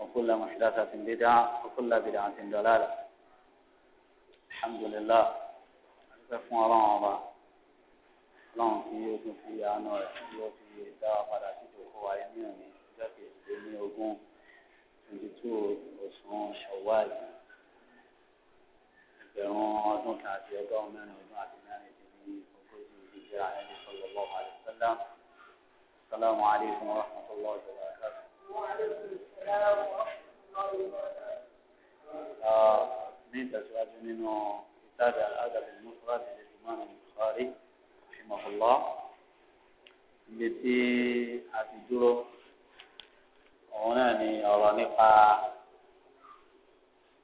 وكل محدثة بدعة وكل بدعة ضلالة الحمد لله أكفوا الله الله ọlọ́run tí yóò tún fi àánú rẹ̀ yóò fi dá wa padà síbi òkú wa ní òní ọjọ́ kejì ní ogún twenty two oṣù ṣọ̀wáì ẹgbẹ̀rún ọdún kan àti ọgọ́rùn-ún mẹ́rin ọdún àti mẹ́rin ti ní ogójì ìdíje àyẹ̀ ní sọ̀rọ̀ lọ́wọ́ àdìsọ́lá sàlámù alaykum wa rahmatullahi wa barakatuh ní ìtẹ̀síwájú nínú ìtajà àgàbí mufradi lè fi máa ń sọ́rí ìmọ̀kùnlọ́ ibi tí a ti dúró òun náà ni ọ̀rọ̀ nípa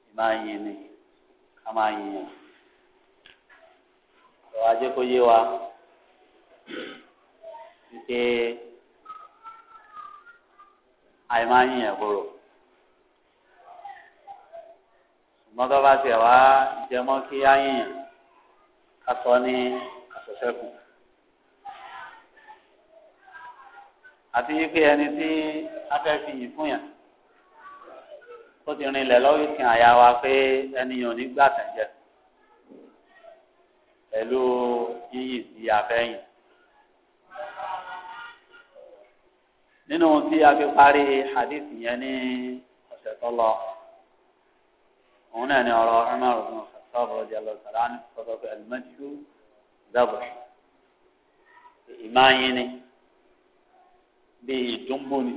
ìmáyìn ni ká máa yìnyín ọ̀rọ̀ ajé kó yé wa wípé àìmá yín yẹn kúrò ṣùgbọ́n tó bá tiẹ̀ wá jẹmọ́ kí á yín yẹn ká sọ ní àṣọṣẹ́kù àti wípé ẹni tí a fẹ́ fi yìn fún yẹn ó ti rinlẹ̀ lọ́wọ́ ìsìn àyà wa pé ẹni yẹn ò ní pẹ̀lú yíyìn sí afẹ́yìn. nínú tí a fi parí hadith yẹn ní ọ̀sẹ̀ tó lọ òun náà ni ọ̀rọ̀ Umar ibn Khattab radiyallahu ta'ala anhu sọ̀rọ̀ pé alimẹ́tìrú dábọ̀ ìmáyín ni bí ìdúnbò ni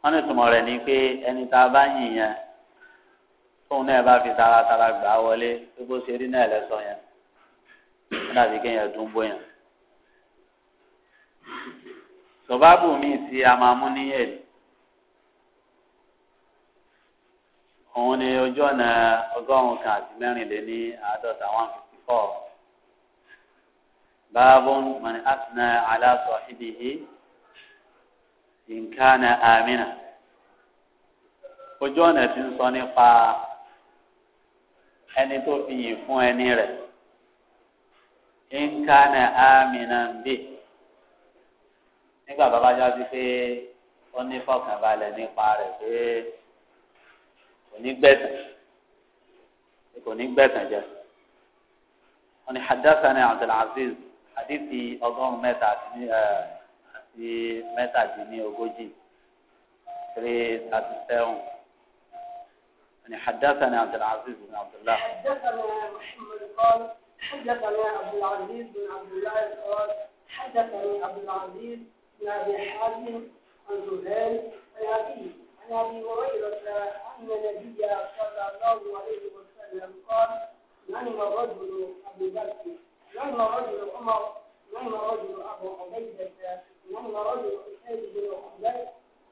wọ́n ní tùmọ̀ rẹ̀ ni pé ẹni tá a bá yìn yẹn tóun náà bá fi taratara gbà wọlé gbogbo ṣe rí náà lẹ́sọ̀ yẹn wọ́n dàbí kéèyàn dúnbò yẹn sọ̀bábù mi ti amamu níyẹn òun ni ojú ọ̀nà ọgọ́rùn-ún kan àti mẹ́rìnléní àádọ́ta one fifty four báàbùn mọ̀ni asnà ala sahibihi in kana amina ojú ọ̀nà ti ń sọ nípa ẹni tó fi yìn fún ẹni rẹ̀ in kana bíi nígbà bàbá já sí pé ó ní fọkànbalẹ̀ nípa rẹ̀ pé kò ní gbẹ̀tàn kò ní gbẹ̀tàn jẹ. wọ́n ní hadassani abdulaziz hadithi ọgọ́rùn-ún mẹ́ta àti mẹ́tàdínlógójì three thirty seven. يعني حدثنا عبد العزيز بن عبد الله حدثنا محمد قال حدثنا عبد العزيز بن عبد الله قال حدثني عبد العزيز بن ابي حازم عن زهير عن ابي هريره ان النبي صلى الله عليه وسلم قال نعم الرجل ابو بكر نعم الرجل عمر نعم الرجل ابو عبيده نعم الرجل حسين بن عبيد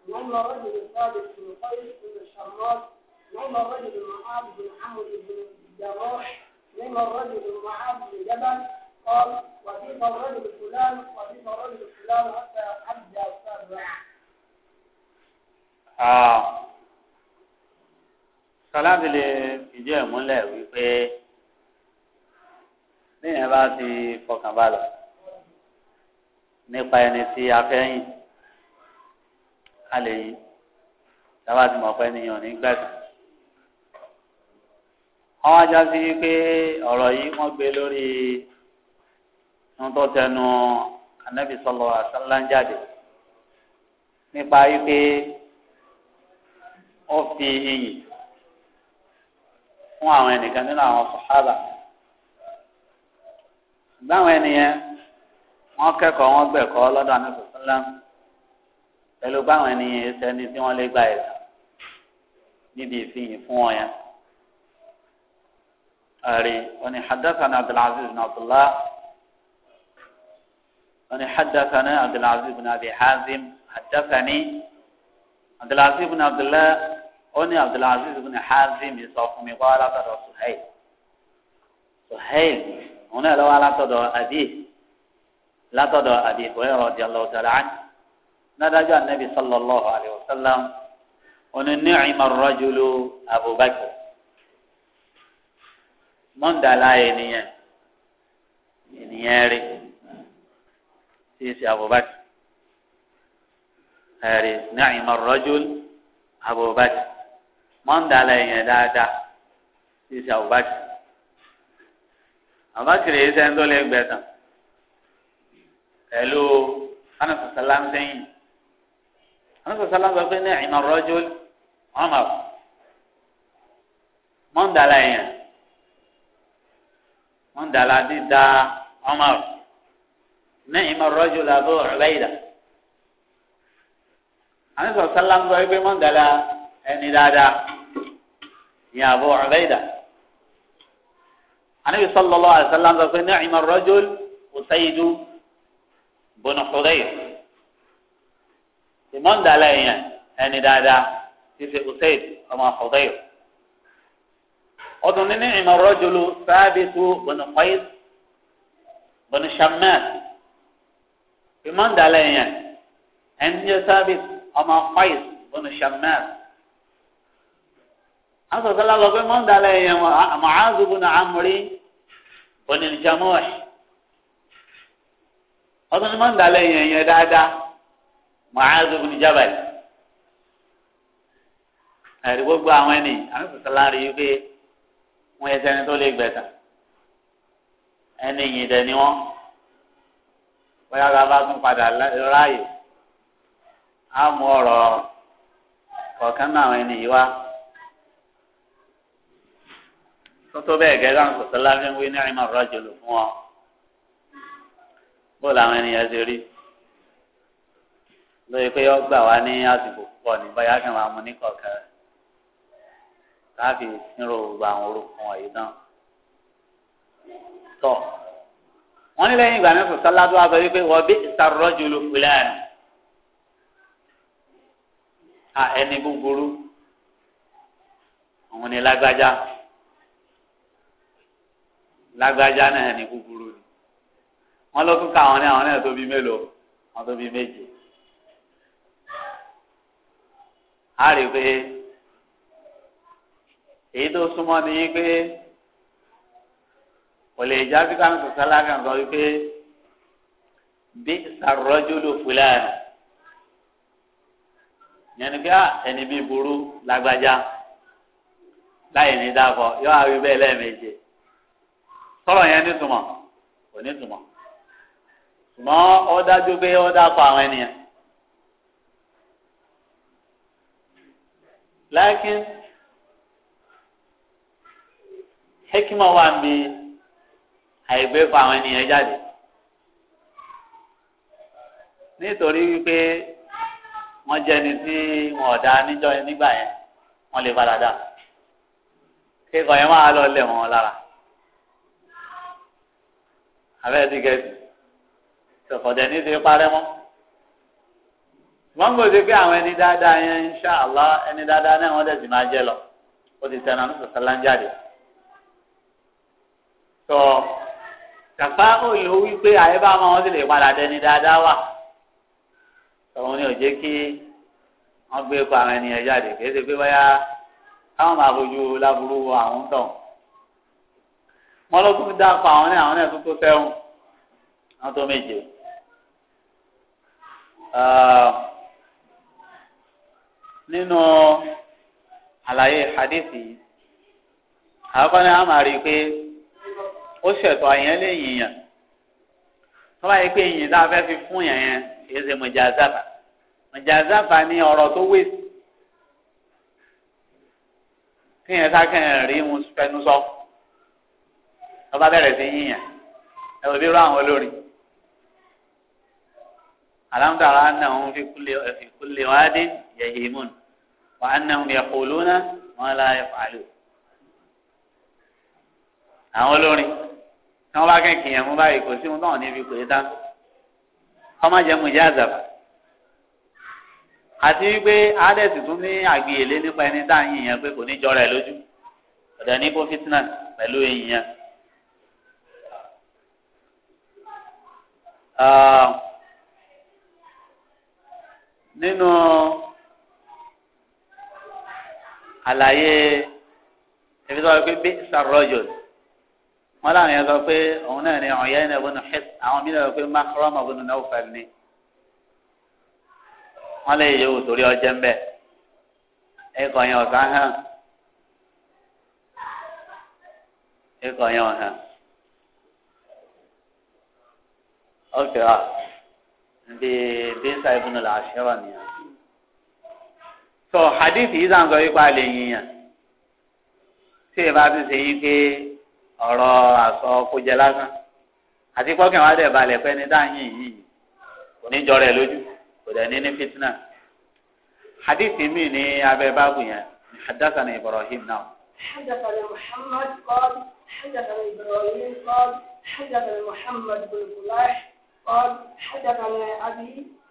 نعم الرجل ثابت بن قيس بن الشراط نعم الرجل معاذ بن عمرو بن الجراح نعم الرجل معاذ بن جبل قال وفيما الرجل فلان وفيما الرجل فلان حتى أبدى سبعا آه sọláàbì lè fìdí ẹ̀ múlẹ̀ wípé níyẹn bá ti fọkàn balẹ̀ nípa ẹni tí a fẹ́ yìn a lè yìn tábà ti mọ̀ pé nìyẹn ní gbẹ̀sán. wọ́n wá sí wípé ọ̀rọ̀ yìí wọ́n gbé lórí wọn tó tẹnu anabi sọlọ asálán jáde nípa wípé ó fi iyì fún àwọn ẹnìkan nínú àwọn sàhábà ṣùgbọ́n àwọn ènìyàn wọ́n kẹ́kọ̀ọ́ wọ́n gbẹ̀kọ́ lọ́dọ̀ anabi sọlán pẹ̀lú báwọn ènìyàn sẹ́ni tí wọ́n lè gba ẹ̀ níbi ìfihìn fún wọn yẹn. أري وني حدثنا عبد العزيز بن عبد أنا حدثنا عبد العزيز بن أبي حازم حدثني عبد العزيز بن عبد الله أني عبد العزيز بن حازم يصف مبارك هيل، سهيل هنا لو على تدعو أبي، لا تدعو أبي هريرة رضي الله تعالى عنه نرجع النبي صلى الله عليه وسلم أن نعم الرجل أبو بكر من دلائي من نياري tí í ṣe abubakar ẹ̀rí ni'ma rajul abubakar mọ́ndàlá yẹn dáadáa tí í ṣe abubakar abubakar yìí sẹ́ni tó lè gbẹ̀sán pẹ̀lú anasasala ń sẹ́yìn anasasala ń sọ pé ni'ma rajul Umar mọ́ndàlá yẹn mọ́ndàlá نعم الرجل أبو عبيدة أنا صلى الله عليه وسلم قال بمن دلا أني دادا يا أبو عبيدة النبي صلى الله عليه وسلم قال نعم الرجل وسيد بن حضير من دلا أني دادا في أسيد أما حضير أظن نعم الرجل ثابت بن قيس بن شماس ìmọ̀ ń dalẹ̀ yẹn ẹnjẹ́ sábìs ọmọ fáìs bọ́nu shammas asọ̀sọ́lá lọ pé mọ̀ ń dalẹ̀ yẹn mọ̀áàzù bọ́nu amúrí bọ́nu jamuhi ọdún ni mọ̀ ń dalẹ̀ yẹn yẹn ẹni àwọn sọ̀sọ́lá rí i pé bóyá tá a bá tún padà ráàyè á mú ọ̀rọ̀ kọ̀ọ̀kan náà àwọn ẹni yìí wá tótó bẹ́ẹ̀ gẹ́gẹ́ àwọn sọ̀tọ́ láfi ń wí ní àìmọ̀ rọ́jò lò fún ọ bó làwọn ènìyàn ṣe rí lóye pé ó gbà wá ní àsìkò púpọ̀ ní bóyá kí wọ́n á mú ní kọ̀ọ̀kan láàfin sínú gbogbo àwọn orúkọ wọ̀nyí náà wọ́n ní lẹ́yìn ìgbà náà sọ sálá tó wá sọ wípé wọ́n bí ìsàrọ́jù ló fi láàánú à ẹni búburú òun ni lágbájá lágbájá náà ẹni búburú ni wọ́n ló tún ká àwọn náà àwọn náà tó bí mélòó wọ́n tó bí méje a rí i pé èyí tó súnmọ́ ni yí pé kò lè já sí káwọn sọ̀tà lákàn sọ wípé bí sàrọ́jú ló fúlàní yẹn ni bí ah, ẹni bí burú lágbájá láì ní dákọ yóò wá wí bẹ́ẹ̀ lẹ́ẹ̀mejì sọ̀rọ̀ yẹn nítumọ̀ kò nítumọ̀ ṣùgbọ́n ó dájú pé ó dákọ àwọn ènìyàn. lákìn hekima wa ń bi àìgbé fa àwọn ènìyàn jáde nítorí wípé wọ́n jẹ́ ẹni tí wọn ọ̀dà níjọ́ nígbà yẹn wọ́n lè padà dà kíkọ yẹn máa lọ lẹ̀ wọ́n lára abẹ́rẹ́ ti gẹ̀ẹ́sì sọ̀kọ̀dẹ̀ ní ti parẹ́ mọ́ mọ́ngò ti pé àwọn ẹni dáadáa yẹn insha Allah ẹni dáadáa náà wọ́n tẹ̀sí máa jẹ́ lọ ó ti tẹnu àánú sọ̀sọ́ láńjáde So, kàfá òyìnbó wípé àyè bá wọn sì lè padà dẹni dáadáa wà tọ́wọ́n ní òjé kí wọ́n gbé pa àwọn ènìyàn jáde kì í ṣe pé báyà káwọn máa fojú láburú àwọn tán wọ́n ló tún dá pa àwọn náà àwọn náà tún tó sẹ́wọ̀n wọ́n tó méje ah, nínú àlàyé hadith yìí àwọn kan ní máa rí i pé ó ṣẹ̀tọ́ àyàn lè yìnyàn tó bá yẹ pé yìnyín tá a fẹ́ fi fún yàn yẹn kì í ṣe mọ̀jàzáfà mọ̀jàzáfà ni ọ̀rọ̀ tó wé tí yẹn sákẹ́yìn rí mu fẹnu sọ tó bá bẹ̀rẹ̀ sí yìnyàn ẹ ò bí rú àwọn olórin alamtara anahun fi kule fi kule waadin yahimun wa anahun yakuluna wọn yafalu àwọn olórin tí wọ́n bá kẹ́kẹ́ yẹn mú báyìí kò sí ohun náà níbi kò yé tán ọmọ jẹmu jẹ àzàbà àti wípé adẹ́sì tún ní àgbìyèlé nípa ẹni tá à ń yìn yẹn pé kò ní jọra ẹ lójú ọ̀dọ̀ ní kó fitna pẹ̀lú ẹ̀yìn yẹn. Ah, nínú àlàyé ẹ̀fíṣọ́ pé bí sàrọ́jọ́ wọn làwọn yẹn sọ pé òun náà ní ọ̀yẹ́ ní ọ̀bùnú hẹ́t àwọn mìíràn sọ pé makrọ́mù ọ̀bùnú náà fẹ́ ní wọn lè yẹ òtòrí ọjẹ́ ń bẹ̀ ẹ̀kọ́ yẹn ọ̀sán hàn ẹ̀kọ́ yẹn ọ̀hàn ọ̀kẹ́ wa ndé bínsá ìbùnú làásìrọ̀ nìyẹn tó hadith yìí sàn sọ yìí pa lè yìnyín tí ìbá ti ṣe yìí pé ọ̀rọ̀ àsọ kójẹ lásán àti kọ́kẹ́ wa dẹ̀ balẹ̀ pẹ́ ní dáhìn yìí kò ní jọrọ ẹ̀ lójú kò dẹ̀ ní ní fitna hadithi mi ní abẹ́ báàbù yẹn hadathana ibrahim náà. hadathana muhammad qal hadathana ibrahim qal hadathana muhammad bin fulah qal hadathana abi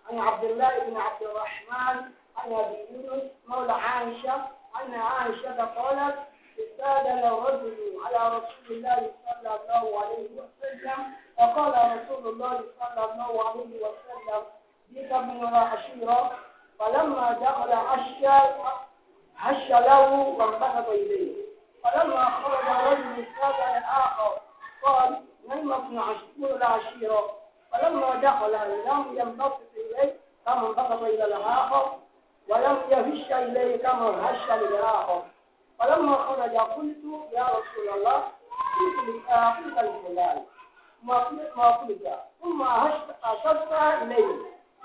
an abdullahi bin abdulrahman an abi yunus mawla aisha an aisha qalat. استأذن رجل على رسول الله صلى الله عليه وسلم فقال رسول الله صلى الله عليه وسلم بك من العشيرة فلما دخل عشى هش له وانبسط إليه فلما خرج رجل استأذن آخر قال نمت عشير العشيرة فلما دخل لم ينبسط إليه كما انبسط إلى الآخر ولم يهش إليه كما هش للآخر فلما خرج قلت يا رسول الله قلت لفلان ما قلت ما قلت ثم أشرت إليه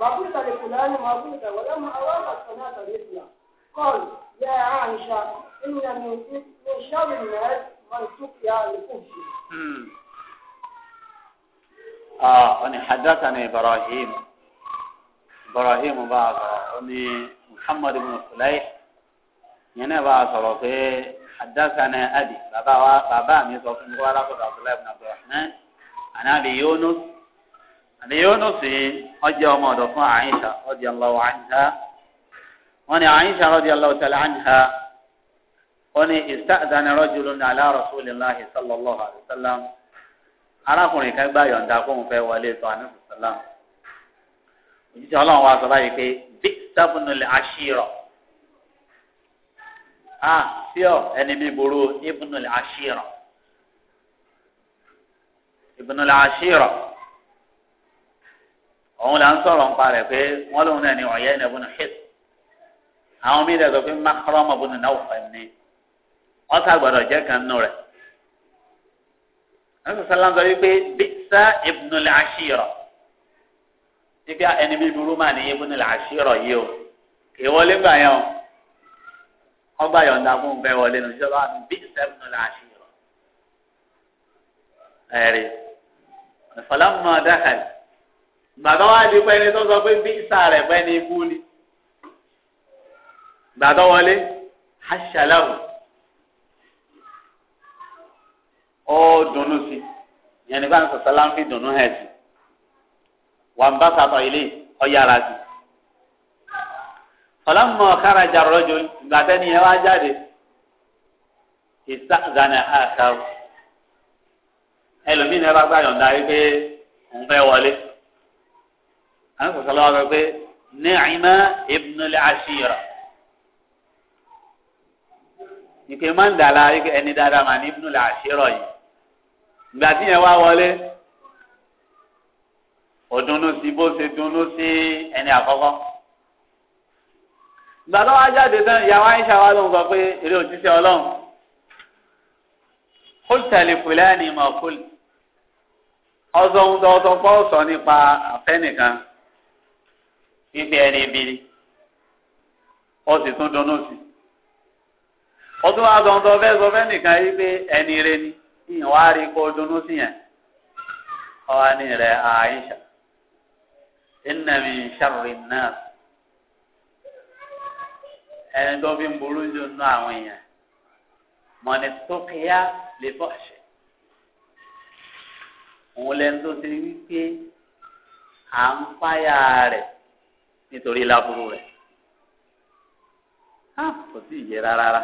ما قلت لفلان ما قلت ولما أراد الصلاة مثله قال يا عائشة إن من شر الناس من سقيا الكهف آه أنا حدثني إبراهيم إبراهيم بعض أني محمد بن صليح yẹn náà bá a sọ̀rọ̀ pé adásánà adì bàbá wa bàbá mi sọ fún mi wàhálà kọ̀dà ọ̀sọ̀lá ibùdó àbúrò ahmed àná àbí yónus àbí yónus ọjọ́ ọmọ ọ̀dọ̀ fún àyíṣà radiyallahu anha wọ́n ní àyíṣà radiyallahu ta'ala anha wọ́n ní ista'dhana rajulun ala rasulillahi sallallahu alayhi wa sallam arákùnrin kan gbà yọ̀ǹda kó ń fẹ́ wọlé tó àná òjijì ọlọ́run wa sọ báyìí pé bí sábùnú a fíọ ẹni bí boro ibùnú làṣírọ ibùnú làṣírọ òun là ń sọ̀rọ̀ nípa rẹ̀ pé wọ́n lóun náà ní ọ̀yẹ́ ní ibùnú hit àwọn míì dẹ̀ sọ pé makarọ́mù ibùnú náà fẹ́ ní ọ̀tá gbọ́dọ̀ jẹ́ kan nù rẹ̀ ẹni sọ̀rọ̀ sọ̀rọ̀ sọ wípé bísà ibùnú làṣírọ wípé ẹni bí boro máa ní ibùnú làṣírọ yìí o kì í wọlé gbà yẹn o wọ́n gbà yọ̀ǹda fún un bẹ́ẹ̀ wọlé ní ìjọba àti bí sẹ́fún ní láàṣì rọ̀. ẹ̀rí ìfọlámọ́ dákàlì gbàtọ́ wá di pẹ́ni tó sọ pé bí ìsà rẹ̀ pẹ́ni ibú ni gbàtọ́ wọlé aṣàlàwò ó dùnnú sí yẹn nígbà tó sọlá ń fi dùnnú hẹ̀ sí wàǹbá sàtọ̀ ilé ọ̀yára sí ọlọ́mọ kárajà rọ́jò gbàtẹ́ni ẹ wá jáde ìsàgànà àkàrò ẹlòmíín ẹ bá gbà yọ̀ǹda yìí pé òun fẹ́ wọlé àwọn kò sọlọ́wọ́ sọ pé ni'ma ibnul ashira ìpè máa ń dà la ẹni dáadáa mà ní ibnul ashira yìí gbàtí yẹn wá wọlé òdùnnú sí bó ṣe dùnnú sí ẹni àkọ́kọ́ gbàtọ́ wa jáde tán ìyàwó àyíṣà wa ló ń sọ pé èrè òjíṣẹ́ ọlọ́run kólítàlì fúlẹ́ẹ̀nì mọ̀ kólì ọsọ ń sọ ọsọ fọ́ sọ nípa àfẹ́nìkan fífi ẹni ìbírí ó sì tún dunnú sí ó tún wá sọ fẹ́ sọ fẹ́nìkan yìí ẹni rẹ ìyẹn wá rí kó dunnú sí yẹn ọ̀hání rẹ̀ àyíṣà ìnàmì sàrìnàṣà ẹni tó fi ń burú jù nínú àwọn èèyàn mọ̀nì tó kíá lè bọ̀ ṣe. òun lẹni tó ti wí pé à ń fáyà rẹ̀ nítorí láburú rẹ̀ kò sí ìyẹ rárá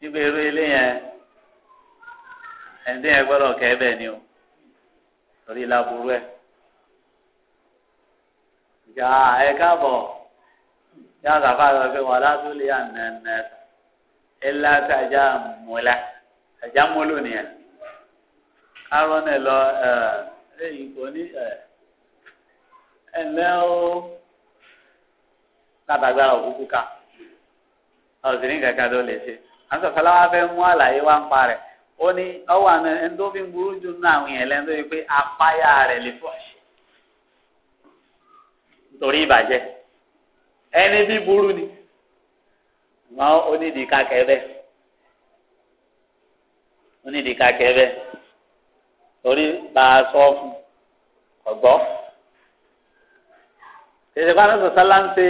nígbà eré ilé yẹn ẹni tí yẹn gbọ́dọ̀ kẹ́ bẹ́ẹ̀ ni o torí láburú ẹ̀. ìjà ẹ̀ka bọ̀ yàrá bàbá rẹ fẹ́ wà ládùúlé ànànà ẹ̀là tàjà mọ́lá tàjà mọ́lò nìyẹn arọ́nà lọ ẹ̀yìn kò ní ẹ̀lẹ́ o látàgbára òkúkú ká ọ̀sìn ní kankan tó lè ṣe àti ọ̀sán láwọn afẹ́ mú àlàyé wá ń pa rẹ̀ ó ní ọwọ́ àná ẹni fi ń burú jù nínú àwọn èèyàn lẹ́nu tó yẹ pé apáyà rẹ̀ lè fọ́ àṣẹ nítorí ìbàjẹ́ ẹni bí burú ni máa onídìí kakẹ bẹ onídìí kakẹ bẹ torí bá a sọ fún ọgbọ tètè bá lọsọ sálá ń ṣe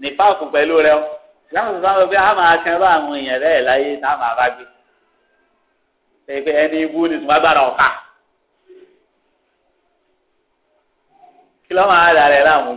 ní páàkù pẹ̀lú rẹ o láwọn sọsọ àwọn ọgbẹ a máa kẹ bá àwọn èèyàn rẹ láyé tá máa bá gbé pẹpẹ ẹni ibú ni tùmọ̀ gbára ọ̀ka kí ló máa dà rẹ láwọn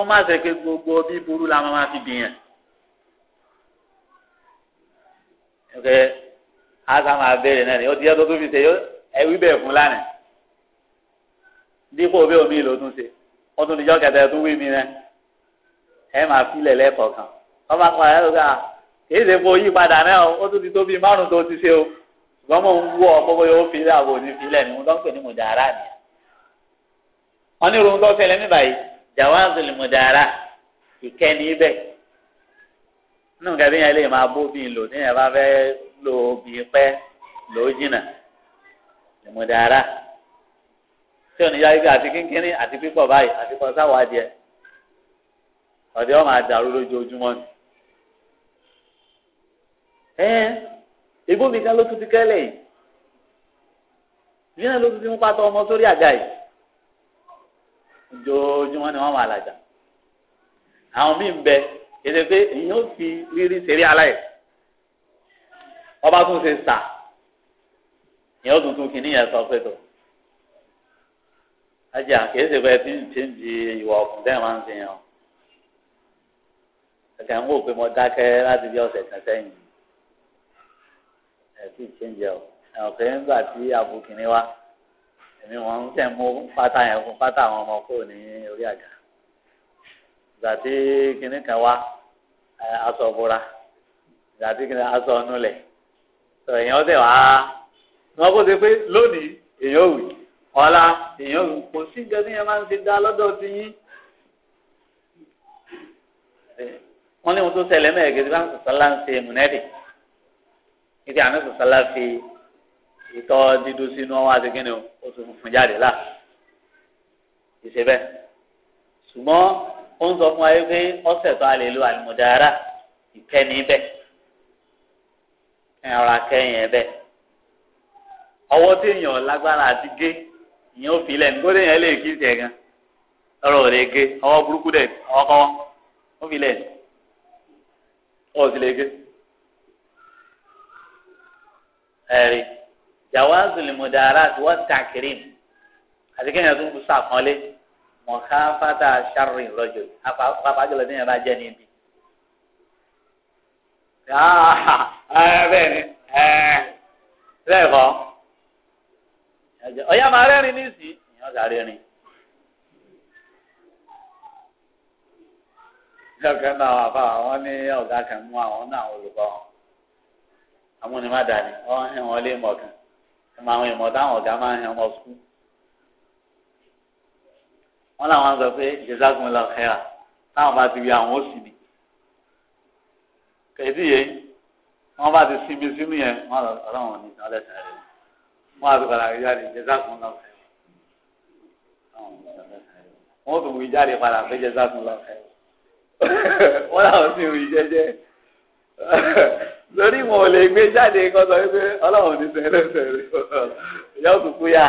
kó má ṣe pé gbogbo bí burú la máa fi bìyàn. ẹ asa máa béèrè náà ni ó ti yẹ tó tó fi ṣe yó ẹwí bẹ́ẹ̀ fún lánàá dípò bí omi ìlò tún ṣe ó tún níjọ́ kẹta tún wí mi rẹ ẹ máa filẹ̀ lẹ́kọ̀ọ̀kan ọba kan ẹ lọ́gà kìí ṣe fún yí padà náà ó tún ti tó márùn tó ti ṣe o ṣùgbọ́n ń wú ọ pé bóyá fi ilé àbò ní filẹ̀ ni mo tọ́ ń ní mo dàrá ni wọ́n ní irun tó fẹ́lẹ́ ní báyìí. jawaazu limudara ìkẹni ibẹ̀ nínú gàbí yẹn lè máa bó bí lò níyẹn bá fẹ́ lò bí pẹ́ lò limudara tí òní ibi àti kínkínní àti pípọ̀ báyìí àti pọ̀ sáwádìí ẹ̀ ọ̀dẹ́ ọ̀ máa dàrú lójoojúmọ́ ni. ojoojúmọ́ ni wọ́n máa làjà àwọn míì ń bẹ èdè pé èyí ó fi rírí ṣeré aláì ọba tún ṣe sà ìyẹn ó tuntun kìíní yẹn sọ pé tó ajá kìí ṣe pé tí ń ṣe ń di ìwà ọkùnrin tẹ́ ẹ̀ máa ń ṣe yẹn o kẹ̀kẹ́ ń wò pé mo dákẹ́ láti bí ọ̀sẹ̀ kan sẹ́yìn ẹ̀ tí ṣe ń jẹ o ẹ̀ ọ̀kẹ́ ń gbà tí àbùkìíní wá èmi wọn ń tẹ̀ mú pátá yẹn fún pátá àwọn ọmọ kúrò ní orí àga ìgbà tí kinní kan wá aṣọ ìbora ìgbà tí kinní aṣọ ọ̀nulẹ̀ sọ èèyàn tẹ̀ wá wọn kó ṣe pé lónìí èèyàn òwì ọ̀la èèyàn òwì kò sí nǹkan tí yẹn máa ń ṣe dá lọ́dọ̀ ti yín wọn ní wọn tó ṣẹlẹ̀ mẹ́ẹ̀ẹ́dẹ́gbẹ́sán sọ̀tàn láǹṣe mùnẹ́dì níbi àná sọ̀tàn láǹṣe. ìtọ́ dídú sínú ọwọ́ àti kíni o tún jáde là ìṣe bẹ́ẹ̀ ṣùgbọ́n ó ń sọ fún wa pé ọ̀sẹ̀ tó a lè lo àlùmọ̀dára ìkẹ́ni bẹ́ẹ̀ ọ̀rọ̀ akẹ́yìn bẹ́ẹ̀ ọwọ́ tí èèyàn lágbára àti gé ìyẹn ó fi jawaazul mudarat wa takirim àti kéèyàn tó ń kú sàkánlé mọ̀káfátà sharri rọ́jò àpapàjọlọ tí yẹn bá jẹ́ níbi. bẹ́ẹ̀ni bẹ́ẹ̀ kọ́ ọ̀yá máa rẹ́rìn nísìnyí ìyẹn ọ̀sà rẹ́rìn. lọ́kàn náà wà fáwọn àwọn ní ọ̀gá kan mú àwọn náà olùkọ́ àwọn ni wọ́n hẹ́ wọn lé mọ̀ọ́kàn ẹ̀mọ àwọn ìmọ̀ táwọn ọ̀gá máa ń yan ọmọ sukú. wọ́n làwọn sọ pé jẹ́sàgùn lọ kẹ́ra táwọn bá ti wí àwọn ó sì ní. kẹ̀dí yẹn wọ́n bá ti sinmi sínú yẹn wọ́n lọ ọlọ́run ní ìtàn lẹ́sẹ̀ rẹ̀ wọ́n á ti padà rí jáde jẹ́sàgùn lọ kẹ́ra. wọ́n tún wí jáde padà pé jẹ́sàgùn lọ kẹ́ra. wọ́n làwọn sì ń jẹ́jẹ́. lórí mo ò lè gbé jáde kó wípé ọlọ́run ní sẹ́rẹ̀ sẹ́rẹ̀ yóò kúkú yá.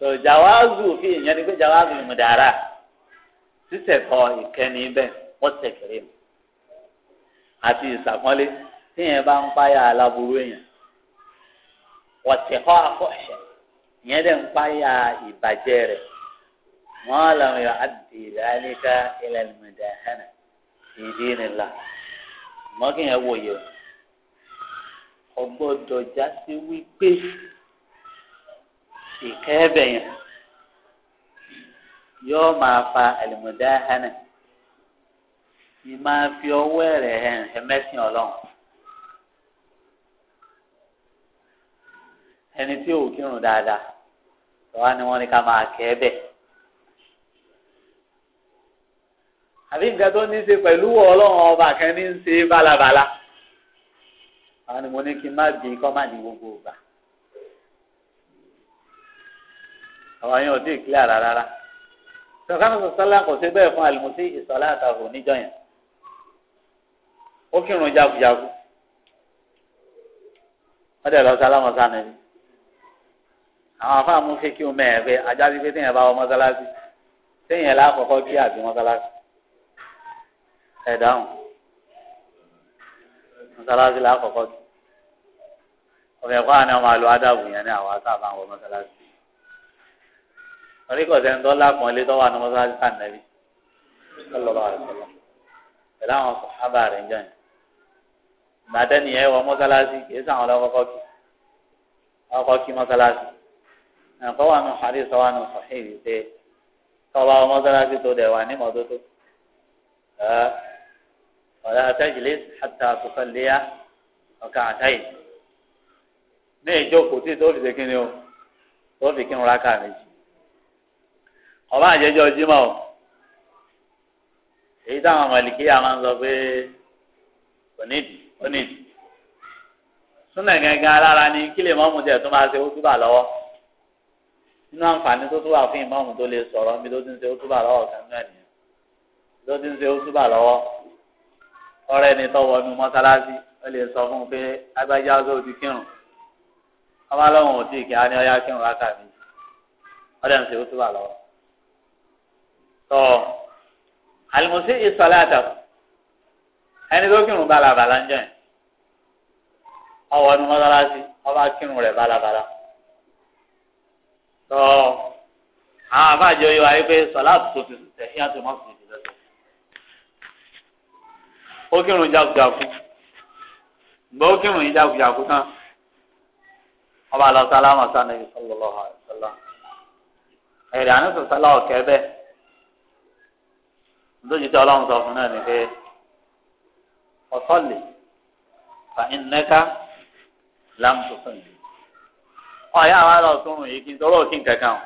tó jàwáàzù fi ìyẹn ni pé jàwáàzù ni mo dára sísẹ̀kọ ìkẹ́ni bẹ́ẹ̀ wọ́n àti tíyẹn bá ń páyà aláburú èèyàn wọ́n ti kọ́ àkọ́ṣẹ́ ìyẹn dẹ̀ ń páyà ìbàjẹ́ rẹ̀ wọ́n làwọn yóò adìrẹ́ àlíká ilẹ̀ ìmọ̀dà ṣùgbọ́n kí yẹn wòye o ọgbọ́dọ̀ já sí wípé ìkẹ́ẹ̀bẹ̀ yẹn yóò máa fa ẹlẹ́mọ̀dá hẹ́nẹ̀ ni máa fi ọwọ́ ẹ̀rẹ̀ ẹ̀mẹ́sìn ọlọ́run ẹni tí ò kírun dáadáa lọ́wọ́ ni wọ́n ní ká máa àbí nǹkan tó ní í ṣe pẹ̀lú wọ ọlọ́run ọba kan ní í ṣe bálabàla àwọn ni mo ní kí n má bí kọ́ má ní gbogbo ìgbà àwọn yẹn ò tí ì kílẹ̀ rárá rárá sọ̀kánù sọ̀sọ́lá kò ṣe bẹ́ẹ̀ fún àlùmọ́sí ìsọ̀lá àtàwọn oníjọ yẹn ó kírun jagunjagun wọ́n dẹ̀ lọ sálámọ̀ sánà ni àwọn afáàmù fi kí o mẹ́ẹ̀ẹ́ pé ajá sí pé téèyàn bá wọ mọ́sálásí téèyàn lákọ̀ọ́kọ́ kí àbí mọ́sálásí ẹ dáhùn mọ́sálásí la kọ́kọ́ tù ọ̀fẹ́ kọ́ àná máa lo ádàbù yẹn ní àwọn àtàbà àwọn mọ́sálásí oríkọ̀sẹ̀ ń dọ́là kan lé tọ́wọ́ àná mọ́sálásí tà nẹ́bí sọlọ́lọ́ àṣọlọ́ pẹ̀lú àwọn sọ̀hábà rẹ̀ ń jọyìn ìgbàdẹ́ni ẹ wọ mọ́sálásí kìí sàwọn lọ́kọ́kọ́ kì ọkọ̀ kí mọ́sálásí ẹ̀kọ́ wà nù hàdí sọ́wọ́ nù sọ̀hìn ìwé tọ́wọ́ mọ́sálásí tó dẹ̀ wà ní mọ́tótó ولا تجلس حتى تصلي ركعتين ní ìjókòó tí tó fi ṣe kíni o tó fi kírun rákà méjì ọba àjẹjọ jimá o èyí táwọn mọlìkíyà máa ń sọ pé kò nídìí kò nídìí súnà gangan alára ni kí lè mọ́mù tẹ̀ tó máa ṣe ó túbà lọ́wọ́ nínú àǹfààní tó túbà fún ìmọ̀mù tó lè sọ̀rọ̀ mi ló ti ń ṣe ó túbà lọ́wọ́ kan náà nìyẹn ló ti ń ṣe ó túbà lọ́wọ́ ọ̀rẹ́ ni tọwọ́ nu mọ́sálásí ó lè sọ fún un pé agbájá ọ̀sọ́ ti kírun ọmọ alọ́hùn ò tí ì kí á ní ọyá kírun láta mi ọ̀rẹ́ mi sì ó túbà lọ́wọ́. tọ́ àlùmọ́sí ìsọ̀lá àtàkù ẹni tó kírun bàlàbàlà ń jẹ́ yẹn ọwọ́ nu mọ́sálásí ọba kírun rẹ̀ bàlàbàlà. tọ́ àwọn àbájọ yóò wáyé pé sọ̀lá tó tẹ̀síyàn tó mọ̀ sí okirun kírun jákujáku Mgbe ó kírun yìí jákujáku tán wọ́n bá lọ sálámà sáni sallallahu tí sọ fún náà ni pé lọ yìí kí n tọrọ kí kankan o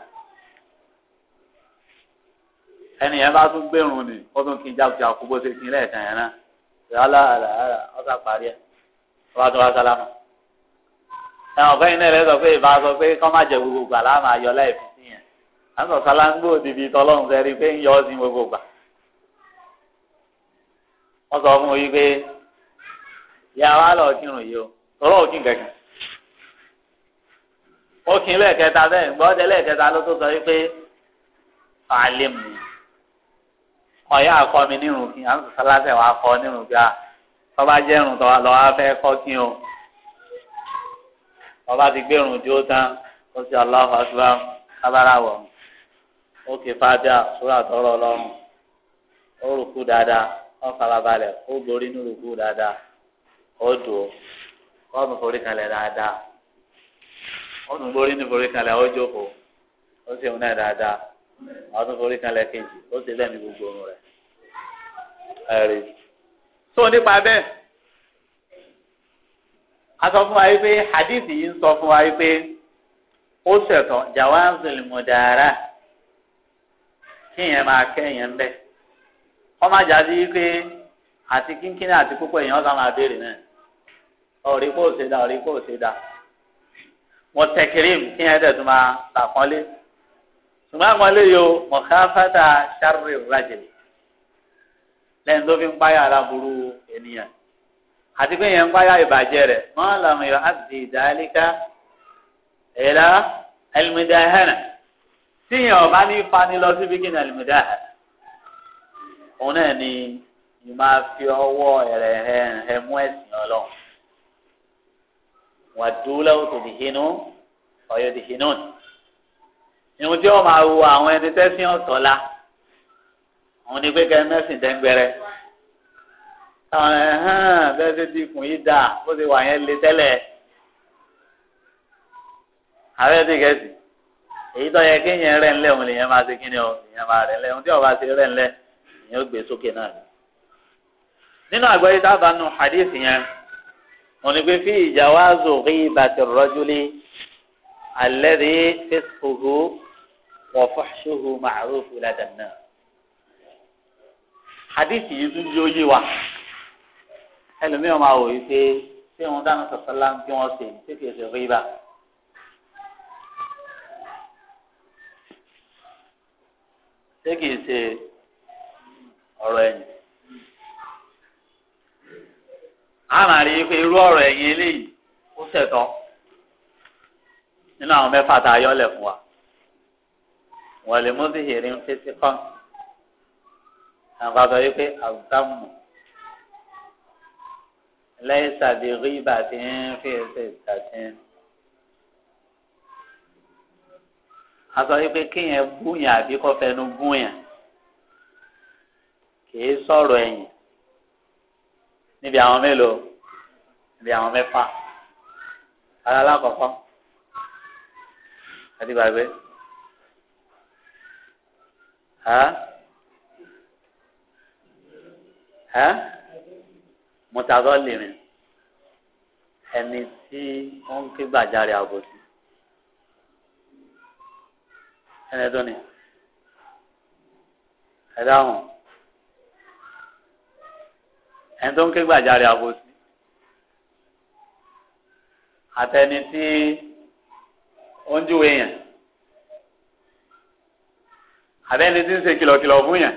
ẹnìyẹn bá tún gbẹ̀rùn ni ó tún kí n jákujáku bó ṣe Ọ ọ̀sà parí ẹ̀ wọ́n tó wá sálámà. ẹ̀wọ̀n fẹ́yìn náà lẹ́sọ̀ pé ìbá sọ pé kọ́ má jẹ gbogbo gbà láàmú ayọ̀ láìpẹ́ sí à ń sọ sálámgbó òdìbí tọ́lọ́run pé ń yọ gbogbo gbà. sọ fún pé ìyá wa lọ kírun yìí o tọ́lọ́ ò kín kẹ̀kẹ́. ó kín lẹ́ẹ̀kẹta bẹ́ẹ̀ ọ̀yá akọ mi nírun kí à ń sọ sálásẹ̀ wàá kọ nírun a tọ́ba jẹ́ irun tọ́ lọ́ fẹ́ kọ́ kí o ọba ti gbẹ̀rùn jó tán ó sì aláwọ̀ àṣùwà kábàárà wọ̀ ó kì í fájà sórí àtọ́rọ̀ ọlọ́run ó rùkú dáadáa ó farabalẹ̀ ó borí ní rùkú dáadáa ó dùn ó forí kalẹ̀ dáadáa ó borí ní àwọn forí kan lẹ́ẹ̀kejì ó sì bẹ́ẹ̀ gbogbo ọ̀run rẹ̀ tó nípa bẹ́ẹ̀ a sọ fún wa yìí pé hadith yìí ń sọ fún wa yìí pé ó ṣẹ̀tàn jawazul mudara kí yẹn máa kẹ́ yẹn ń wọ́n máa jáde yìí pé àti kínkínní àti púpọ̀ èèyàn ọ̀sán máa béèrè náà ọ̀rí kò ṣe dá ọ̀rí kò ṣe dá kí máa ṣùgbọ́n àwọn eléyìí o mọ̀káfátà sáré rájẹ̀lì lẹ́yìn tó fi ń páyà aláburú ènìyàn àti pé yẹn ń páyà ìbàjẹ́ rẹ̀ wọ́n làwọn yọ àti ìdálíkà ẹ̀lá ẹlmìdáhẹ́nà tíyẹn ọba ní fani lọ síbi kí ni ẹlmìdáhẹ́nà òun náà ni ni máa fi ọwọ́ ẹ̀rẹ̀ ẹ̀ mú ẹ̀sìn ọlọ́run wàdúrà ó tó dìhínú ọ̀yọ́ dìhínú ni ìhun tí wọn máa wo àwọn ẹni tẹsí ọ̀tọ̀ la òun ni pé kẹ mẹsìn dẹgbẹrẹ àwọn ẹhán bẹ́ẹ̀ ṣe ti kùn yìí dà bó ṣe wà yẹn le tẹ́lẹ̀ ààrẹ ti kẹsì èyí tó yẹ kéèyàn rẹ ńlẹ̀ òun lèyàn máa ṣe kíni o lèyàn máa rẹ ńlẹ̀ òun tí ọba ṣe rẹ ńlẹ̀ èyàn ó gbé e sókè náà ni. nínú àgbáyé dábàá nù hadith yẹn òun ni pé fi ìjà wa zòrí ìbàtì rọjúlé alẹ́ rí fẹsùkùhù. وفحشه معروف لدى الناس hadisi yìí tún yóò yé wa ẹlòmíràn máa wò yìí pé ṣé wọn dáná sọsọlá ń bí wọn ṣe ṣé kìí ṣe rí bá. ṣé kìí ṣe ọ̀rọ̀ ẹ̀yìn. a máa rí i pé irú ọ̀rọ̀ ẹ̀yìn eléyìí ó ṣẹ̀tọ́ nínú àwọn mẹ́fà tá a yọ́lẹ̀ fún wa wọ́n lè mú sí ìrìn fèsì kan àwọn àgbàdo yìí pé àwùjáàmù lẹ́yìn sàbí rí ìbàdí ń fèsì ìtàtí. a sọ wípé kéèyàn búyàn àbí kó fẹnu búyàn kìí sọ̀rọ̀ ẹ̀yìn níbi àwọn mélòó níbi àwọn mẹ́fà alákọ̀ọ́kọ́ àti gbàgbé. ها ها mutazọlìmì ẹni tí ó ń ké gbàjarè àbòsí ẹni tó ni ẹ dáhùn ẹni tó ń ké gbàjarè àbòsí àtẹni tí ó ń júwe yẹn abẹ́ni tí ń ṣe kìlọ̀kìlọ̀ fún yẹn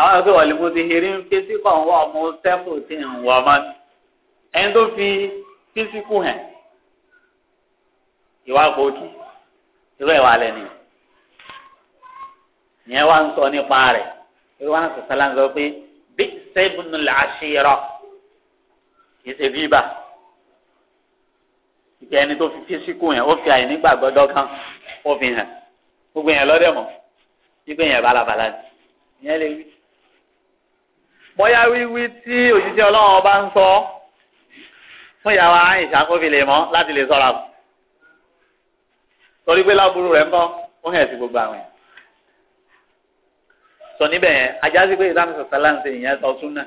àwọn àgbẹ̀ wà lẹ́mú ti heri ń fi síkò àwọn ọmọ sẹ́fù tí ń wọ̀ ọmọ ẹni tó fi físíkù hàn ìwà gbòógì irú ẹ̀ wà lẹ́nu yẹn wá ń sọ nípa rẹ̀ irú wọn sọ sálá ń sọ pé bí sẹ́bùnù làṣírọ̀ kì í ṣe bíbà ìgbà ẹni tó fi físíkù hàn ó fi àìnígbàgbọ́dọ́ kan ó fi hàn gbogbo yẹn lọ́dẹ̀ mọ́ wípé yẹn balabala ni ìyẹn lè wí. bóyá wíwí tí òṣìṣẹ́ ọlọ́run ọba ń sọ fún ìyàwó àyìnṣà kó fi lè mọ́ láti lè sọ́ra fún torí pé láburú rẹ̀ ń kọ́ ó hẹ̀ sí gbogbo àwọn yẹn. sọ níbẹ̀ yẹn ajá sí pé ìdáhùn sọ̀tà láǹṣe ìyẹn sọ tún náà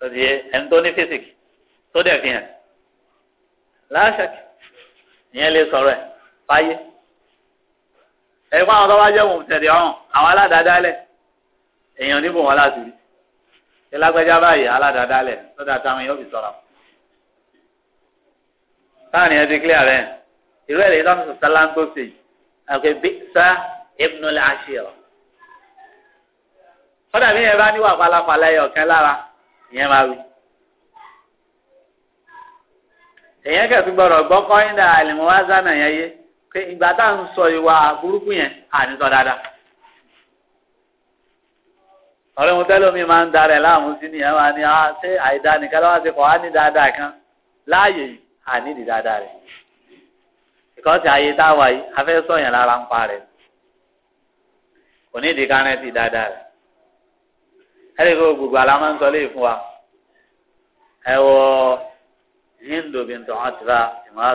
sọ̀tì ẹni tó ní físíkì tó dẹ̀ fi hàn láṣà ìyẹn lè sọ̀rọ̀ ẹ̀ fáyé ẹ̀kọ́ àwọn tó bá jẹ́ wọn tẹ̀lé ọ̀hún àwọn aládàádálẹ̀ èèyàn níbò wọn láti rí ìlágbẹ́já báyìí aládàádálẹ̀ lọ́dà táwọn yóò fi sọ̀rọ̀. sáàni ẹ ti clear rẹ ìlú ẹ̀rẹ́ ìlànà sọ̀tà láńgbòsè àgbẹ̀ bí sá ibnul ashira. kọ́dà bí yẹn bá níwà falafalà yẹ ọ̀kẹ́ lára ìyẹn máa wí. èèyàn kẹ̀sùn gbọ́kọ́ pé ìgbà tá à ń sọ ìwà burúkú yẹn àní sọ dáadáa. ọ̀rẹ́ mo tẹ́lẹ̀ mi máa ń darẹ̀ sí ni ẹ̀ máa ní ṣé àìdá nìkan lọ́wọ́ ti kọ̀ á ní dáadáa kan láàyè yìí àní ìdí dáadáa rẹ̀. ìkọ́sí ayé táwa yìí afẹ́ sọ̀yàn lára ń pa rẹ̀ kò ní ìdí kárẹ́ ti dáadáa rẹ̀. ẹ̀rí kó gbogbo àlá máa ń sọ léè fún wa ẹ wọ hindu bintu ọtí bá ìmọ̀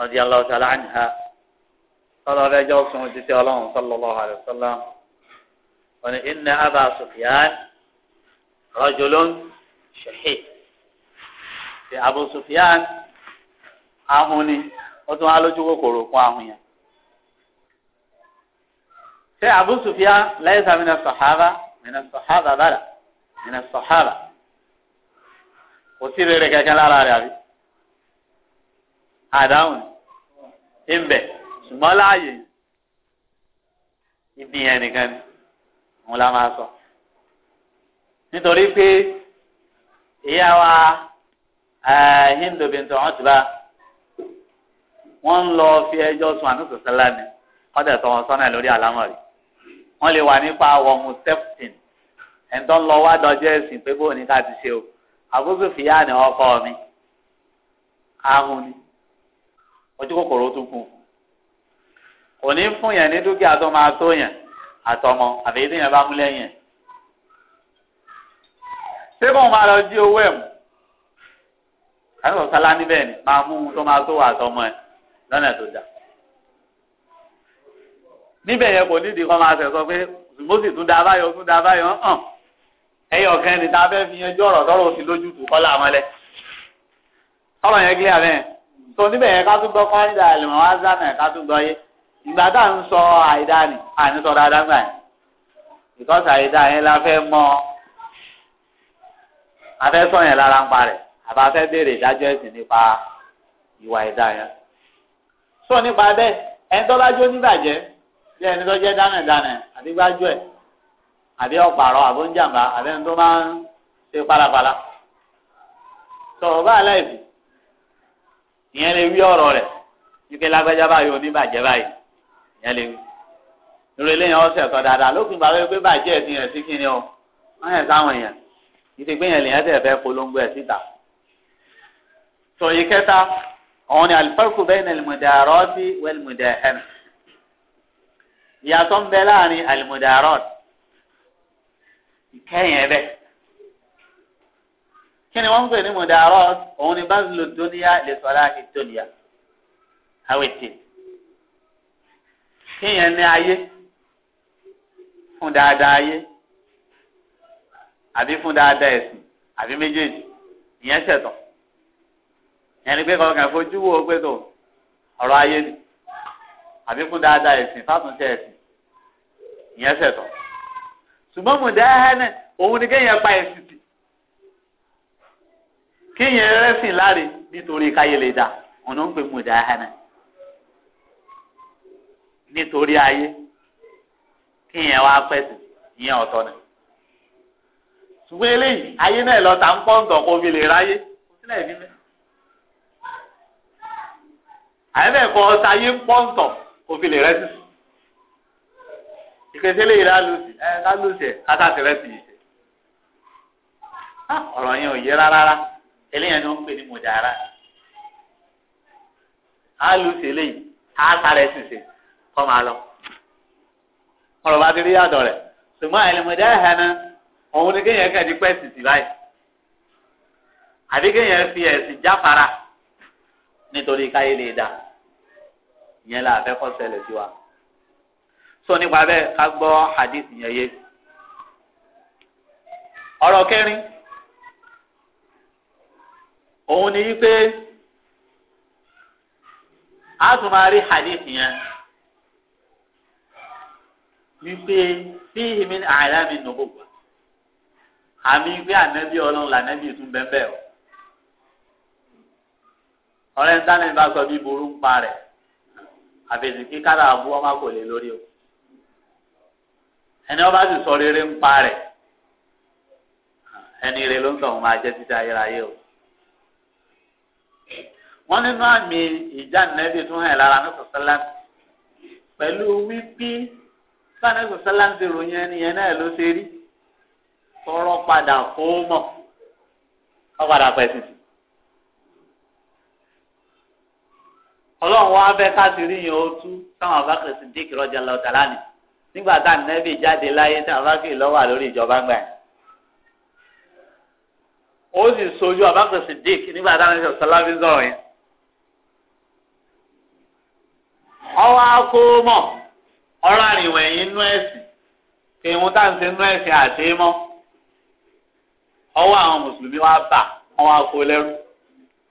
رضي الله تعالى عنها قال هذا جوس مجلسي الله صلى الله عليه وسلم وإن أبا سفيان رجل شحيح في أبو سفيان أهوني وتم على جوه كورو أهوني في أبو سفيان ليس من الصحابة من الصحابة بلى من الصحابة وسير لك كلا لا رأي هذا ńbẹ̀ ṣùgbọ́n láàyè ibi yẹn nìkan ni òun la máa sọ nítorí pé ìyá wa Hindu bintu Utba wọ́n ń lọ fi ẹjọ́ sùn àánú sọ̀sẹ́lá ni wọ́n dẹ̀ sọ wọn sọ́nà lórí àlámọ̀rí wọ́n lè wà nípa wọ̀mù sẹ́fìn ẹ̀ńtọ́ ń lọ wá dọjọ́ ẹ̀sìn pé bóun ní ká ti ṣe o àbúrò fìyà ni ọkọ mi ahun ni ojú kòkòrò tó kù kò ní fún yẹn ní dúkìá tó máa tó yẹn àtọmọ àbí tí yẹn bá mú lẹ́yìn ẹ̀. ṣé kò máa lọ jí owó ẹ̀ mú àyẹ̀wò sálá níbẹ̀ ni máa mú un tó máa tó wà àtọmọ ẹ̀ lọ́nà tó dà. níbẹ̀ yẹn kò nídìí kan máa sẹ̀sọ pé mo sì tún da báyọ̀ tún da báyọ̀ hàn ẹyọ kan ni fẹ́ fi yanjú ọ̀rọ̀ tọ́rọ̀ òsì lójútùú kọ́lá àmọ́lẹ̀ tọ́rọ̀ yẹn gílẹ̀ abẹ́yẹn tó níbẹ̀ yẹn ká tún gbọ́ kọ́ńdà àlùmọ́ wá sánà ká tún gbọ́ yé ìgbà tá à ń sọ àìdá ni àní sọ dáadáa gbà yẹn because àìdá yẹn la fẹ́ mọ afẹ́ sọ yẹn lára ń parẹ̀ àbá fẹ́ béèrè ìdájọ́ ẹ̀sìn nípa ìwà àìdá yẹn sọ nípa bẹ́ẹ̀ ẹni tó bá jó níbàjẹ́ bí ẹni tó jẹ́ dánẹ̀dánẹ̀ àbí gbájú ẹ̀ àbí ọ̀pàrọ̀ àbóńjàmbá àbẹ́ni tó máa ń ṣe pálapàla sọ̀rọ̀ bá aláìsí ìyẹn lè wí ọ̀rọ̀ rẹ̀ ike lágbájá báyìí oníbàjẹ́ báyìí ìyẹn lè wí. ìrò eléyàn ọ̀sẹ̀ tọ́ dáadáa lókùn bá wẹ́ pé bàjẹ́ ẹ̀sìn rẹ̀ sí kíni o wọ́n yẹn sáwọn èèyàn ìdí pé yẹn lèyàn tẹ̀ fẹ́ polongo ẹ̀ síta. sòyí kẹta ọ̀hún ni al-farqu bayna al-mudarati wal-mudahana ìyàtọ̀ ń bẹ láàrin al-mudarati ìkẹyìn ẹ bẹ́ẹ̀ kí ni wọ́n ń pè ní mọ̀dàrọ́ òun ni báńsìlò dúníyà lè sọ̀rọ̀ ìdúníyà àwẹ̀tì kíyẹn ní ayé fún dáadáa ayé àbí fún dáadáa ẹ̀sìn àbí méjèèjì ìyẹn ṣẹ̀tọ̀ ìyẹn ni pé kọ̀ọ̀kan fojú wo pé tó ọ̀rọ̀ ayé ni àbí fún dáadáa ẹ̀sìn fásúnṣe ẹ̀sìn ìyẹn ṣẹ̀tọ̀ ṣùgbọ́n mọ̀dàrọ́ òun ni kéèyàn pa ẹ̀sìn kéèyàn rẹ́sìn láre nítorí káyé lè dà ọ̀nà ń pè mùdáhánà nítorí ayé kéèyàn wá pẹ̀sìn ìyẹn ọ̀tọ̀ nà ṣùgbọ́n eléyìí ayé náà lọ́ta ń pọ́ ǹtọ̀ kó fi lè ráyé sílẹ̀ bí mẹ́. àyẹ̀bẹ̀ kọ́ ọ̀tá ayé ń kó fi lè rẹ́sìn eléyàn ni wọn ń pè ní mojara alùsè eléyìí àtàrà ẹsìn sè kọ́ máa lọ ọ̀rọ̀ bá ti rí yàtọ̀ rẹ̀ ṣùgbọ́n àìlèmọ̀dá ẹ̀hánà òun ni kéèyàn kàn ti pẹ́ títì báyìí àbí kéèyàn fi ẹ̀sìn jáfara nítorí káyé lè dà ìyẹn là fẹ́ kọ́ ṣẹlẹ̀ sí wa sọ nípa bẹ́ẹ̀ ká gbọ́ hadith yẹn yé ọ̀rọ̀ kẹrin òun ni wípé a tún máa rí hadith yẹn wípé bí ìhìnmí àyà mi nù gbogbo àmì wípé ànábì ọlọ́run lànábì tún bẹ́ẹ̀ o ọ̀rẹ́ ń dáná ìbá sọ bí burú ń pa rẹ̀ àbẹ̀sì kí kára àbú ọmọ kò lè lórí o ẹni ọba sì sọ rere ń pa rẹ̀ ẹni rẹ̀ ló ń tọ̀ wọn máa jẹ́ títí ayérayé o wọ́n nínú àmì ìjà nẹ́bí tún hàn lára ní sọ̀sẹ́lá pẹ̀lú wípé sáni sọ̀sẹ́lá ń dèrò yẹn nìyẹn náà ló ṣe rí tọrọ padà fóòmọ̀ ọ padà pẹ̀sìn sí. ọlọ́run wá fẹ́ káṣírí yẹn ó tú táwọn abákẹ́ sì dé kìrọ́jà lọ tàlá ni nígbà tá nẹ́bí jáde láyé tí abákẹ́ lọ́wọ́ lórí ìjọba ń gbà yẹn. ó sì sojú abákẹ́ sì dé nígbà tá nẹ́bí sọ̀sẹ́lá fi sọ̀rọ̀ yẹn. ọwọ́ akómọ̀ ọ̀rọ̀ àrìnwẹ̀yìn inú ẹ̀sìn pé wọn tá à ń ṣe inú ẹ̀sìn àṣemọ́ ọwọ́ àwọn mùsùlùmí wa bà wọ́n wá kó lẹ́rú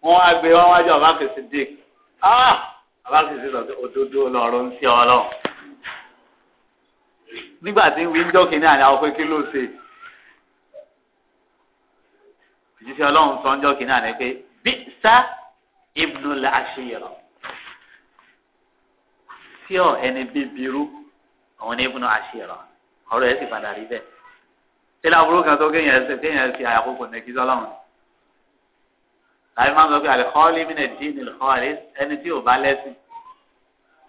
wọ́n wá gbé wọ́n wájú ọba kìsì dìk ọba kìsì sọ pé òdodo lọ̀rọ̀ ń ṣe ọlọ́run nígbà tí wí ń àná àwọn pé kí ló ṣe òjíṣẹ́ ọlọ́run sọ ń jọ́ kínní àná pé bí sá ibùdó la ṣe yẹ̀rọ tí ọ ẹni bí birú àwọn ní ibùnà àṣìrọ ọ̀rọ̀ ẹ sì padà rí bẹ́ẹ̀ tí láburú kan tó kéèyàn ẹsẹ kéèyàn ẹsẹ àkókò nẹkí sọ́lọ́run láì máa ń sọ pé àlẹkọọlì mí nẹdí ní lọkọọlì ẹni tí ò bá lẹ́sìn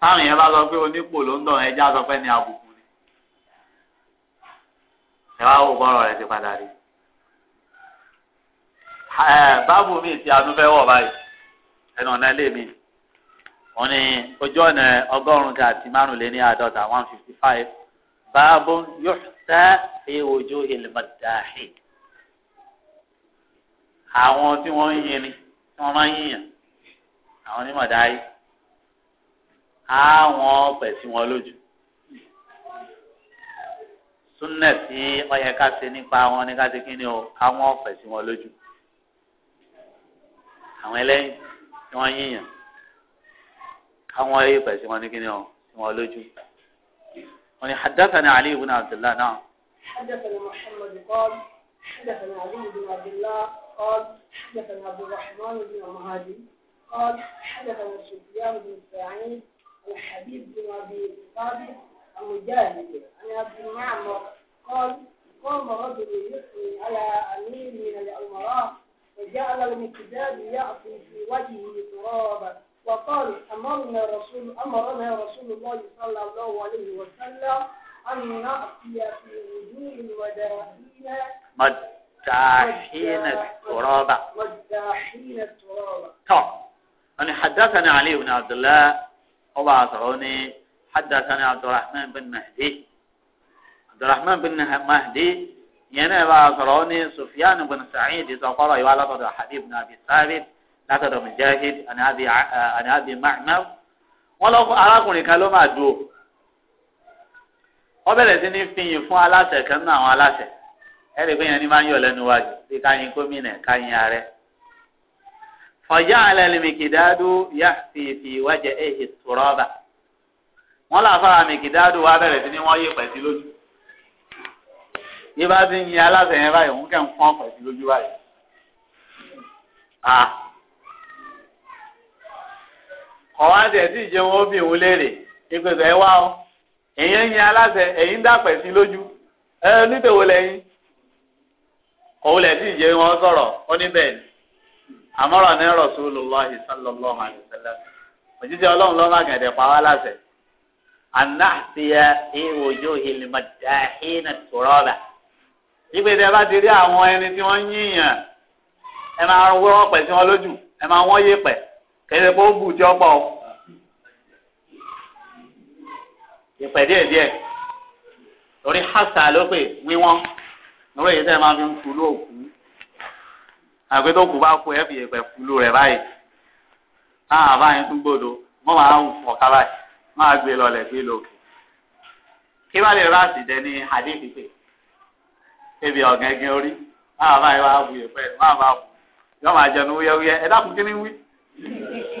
táwọn yẹn bá sọ pé onípò ló ń dọ̀rọ̀ ẹjá sọ pé ní àbùkù ni ẹ wá wò bọ́rọ̀ rẹ ti padà rí báàbù mi ti anúfẹ́ wọ̀ báyìí ẹnu ọ̀nà ilé mi. wọ́n ni ojú ọ̀nà ọgọ́rùn-ún kan àti àádọ́ta one fifty five báàbò yóò tẹ́ ìwòjú ìlmọ̀dáhì àwọn tí wọ́n ń yin ni tí wọ́n máa ń yìnyàn àwọn onímọ̀dáhì àwọn wọn lójú tí ọyẹ ká ṣe nípa wọn ní o àwọn wọn káwọn yé pẹ̀sì wọn ní kíni ọ wọn lójú. wọn ni hadathana ali ibn abdullah náà. hadathana muhammad qol hadathana ali ibn abdullah qol hadathana abdulrahman ibn mahadi qol hadathana sufyan ibn sa'id الحبيب بن ابي ثابت المجاهد عن عبد المعمر قال قام رجل يثني على امير من الامراء فجعل المقداد يعصي في وجهه ترابا وقال أمرنا رسول أمرنا رسول الله صلى الله عليه وسلم أن نأتي في وجوه المداحين مداحين التراب مداحين التراب طب أنا حدثنا علي بن عبد الله وبعثروني حدثنا عبد الرحمن بن مهدي عبد الرحمن بن مهدي ينا بعثروني سفيان بن سعيد إذا قرأ يوالد حبيب بن أبي ثابت látọ̀dọ̀ mujahid àni abi mahmud wọn lọ fún arákùnrin kan ló máa dúró wọn bẹ̀rẹ̀ sí ní fìyìn fún aláṣẹ kan nínú àwọn aláṣẹ ẹ̀rì pé yẹn ní máa ń yọ̀ lẹ́nu wájú bí káyín gómìnà káyín ààrẹ. fọjá alẹ́ ni mìkìdádù yá fìfì wájẹ èyí tùrọ́bà wọn làfàrà mìkìdádù wá bẹ̀rẹ̀ sí ní wọ́n yí pẹ̀sí lójú. yí bá ti yin aláṣẹ yẹn báyìí òun kẹ́ ń fọ́n pẹ̀sí lójú báyìí. Ah. ọ̀wá tẹ̀ sí ìjẹun ó bí òun léèrè ìpèsè ẹ wá ọ èyàn ń aláṣẹ èyí ń dàpẹ̀ sí lójú ẹ nítòwó lẹ́yìn òun lẹ̀ sí ìjẹun wọn sọ̀rọ̀ ó ní bẹ́ẹ̀ ni àmọ́ràn ní òjíṣẹ́ ọlọ́run lọ́nà àgẹ̀dẹ̀ pa wá láṣẹ bá ti rí àwọn ẹni tí wọ́n yíyàn ẹ máa wọ́ pẹ̀ sí wọn lójú ẹ máa wọ́n yé pẹ̀. kẹsẹ̀ kó bù tí ọ pọ̀ ìpè díẹ̀ díẹ̀ lórí hasa ló pè wíwọ́n lórí èyí tẹ́ máa fi ń tu lóòkú àgbẹ̀ tó kù bá kú ẹ̀ fi ìpè fúlù rẹ̀ báyìí náà báyìí tún gbọ́dọ̀ mọ́ máa ń fọ̀ ká máa gbé lọlẹ̀ sí lòkè kí wàá lè ráàsì dẹ ní hadith pè ebi ọ̀gẹ́gẹ́ orí máa báyìí wàá bu ìpè máa bá bu yọ máa jẹun wúyẹ́wúyẹ́ ẹ dákun kí ni wí.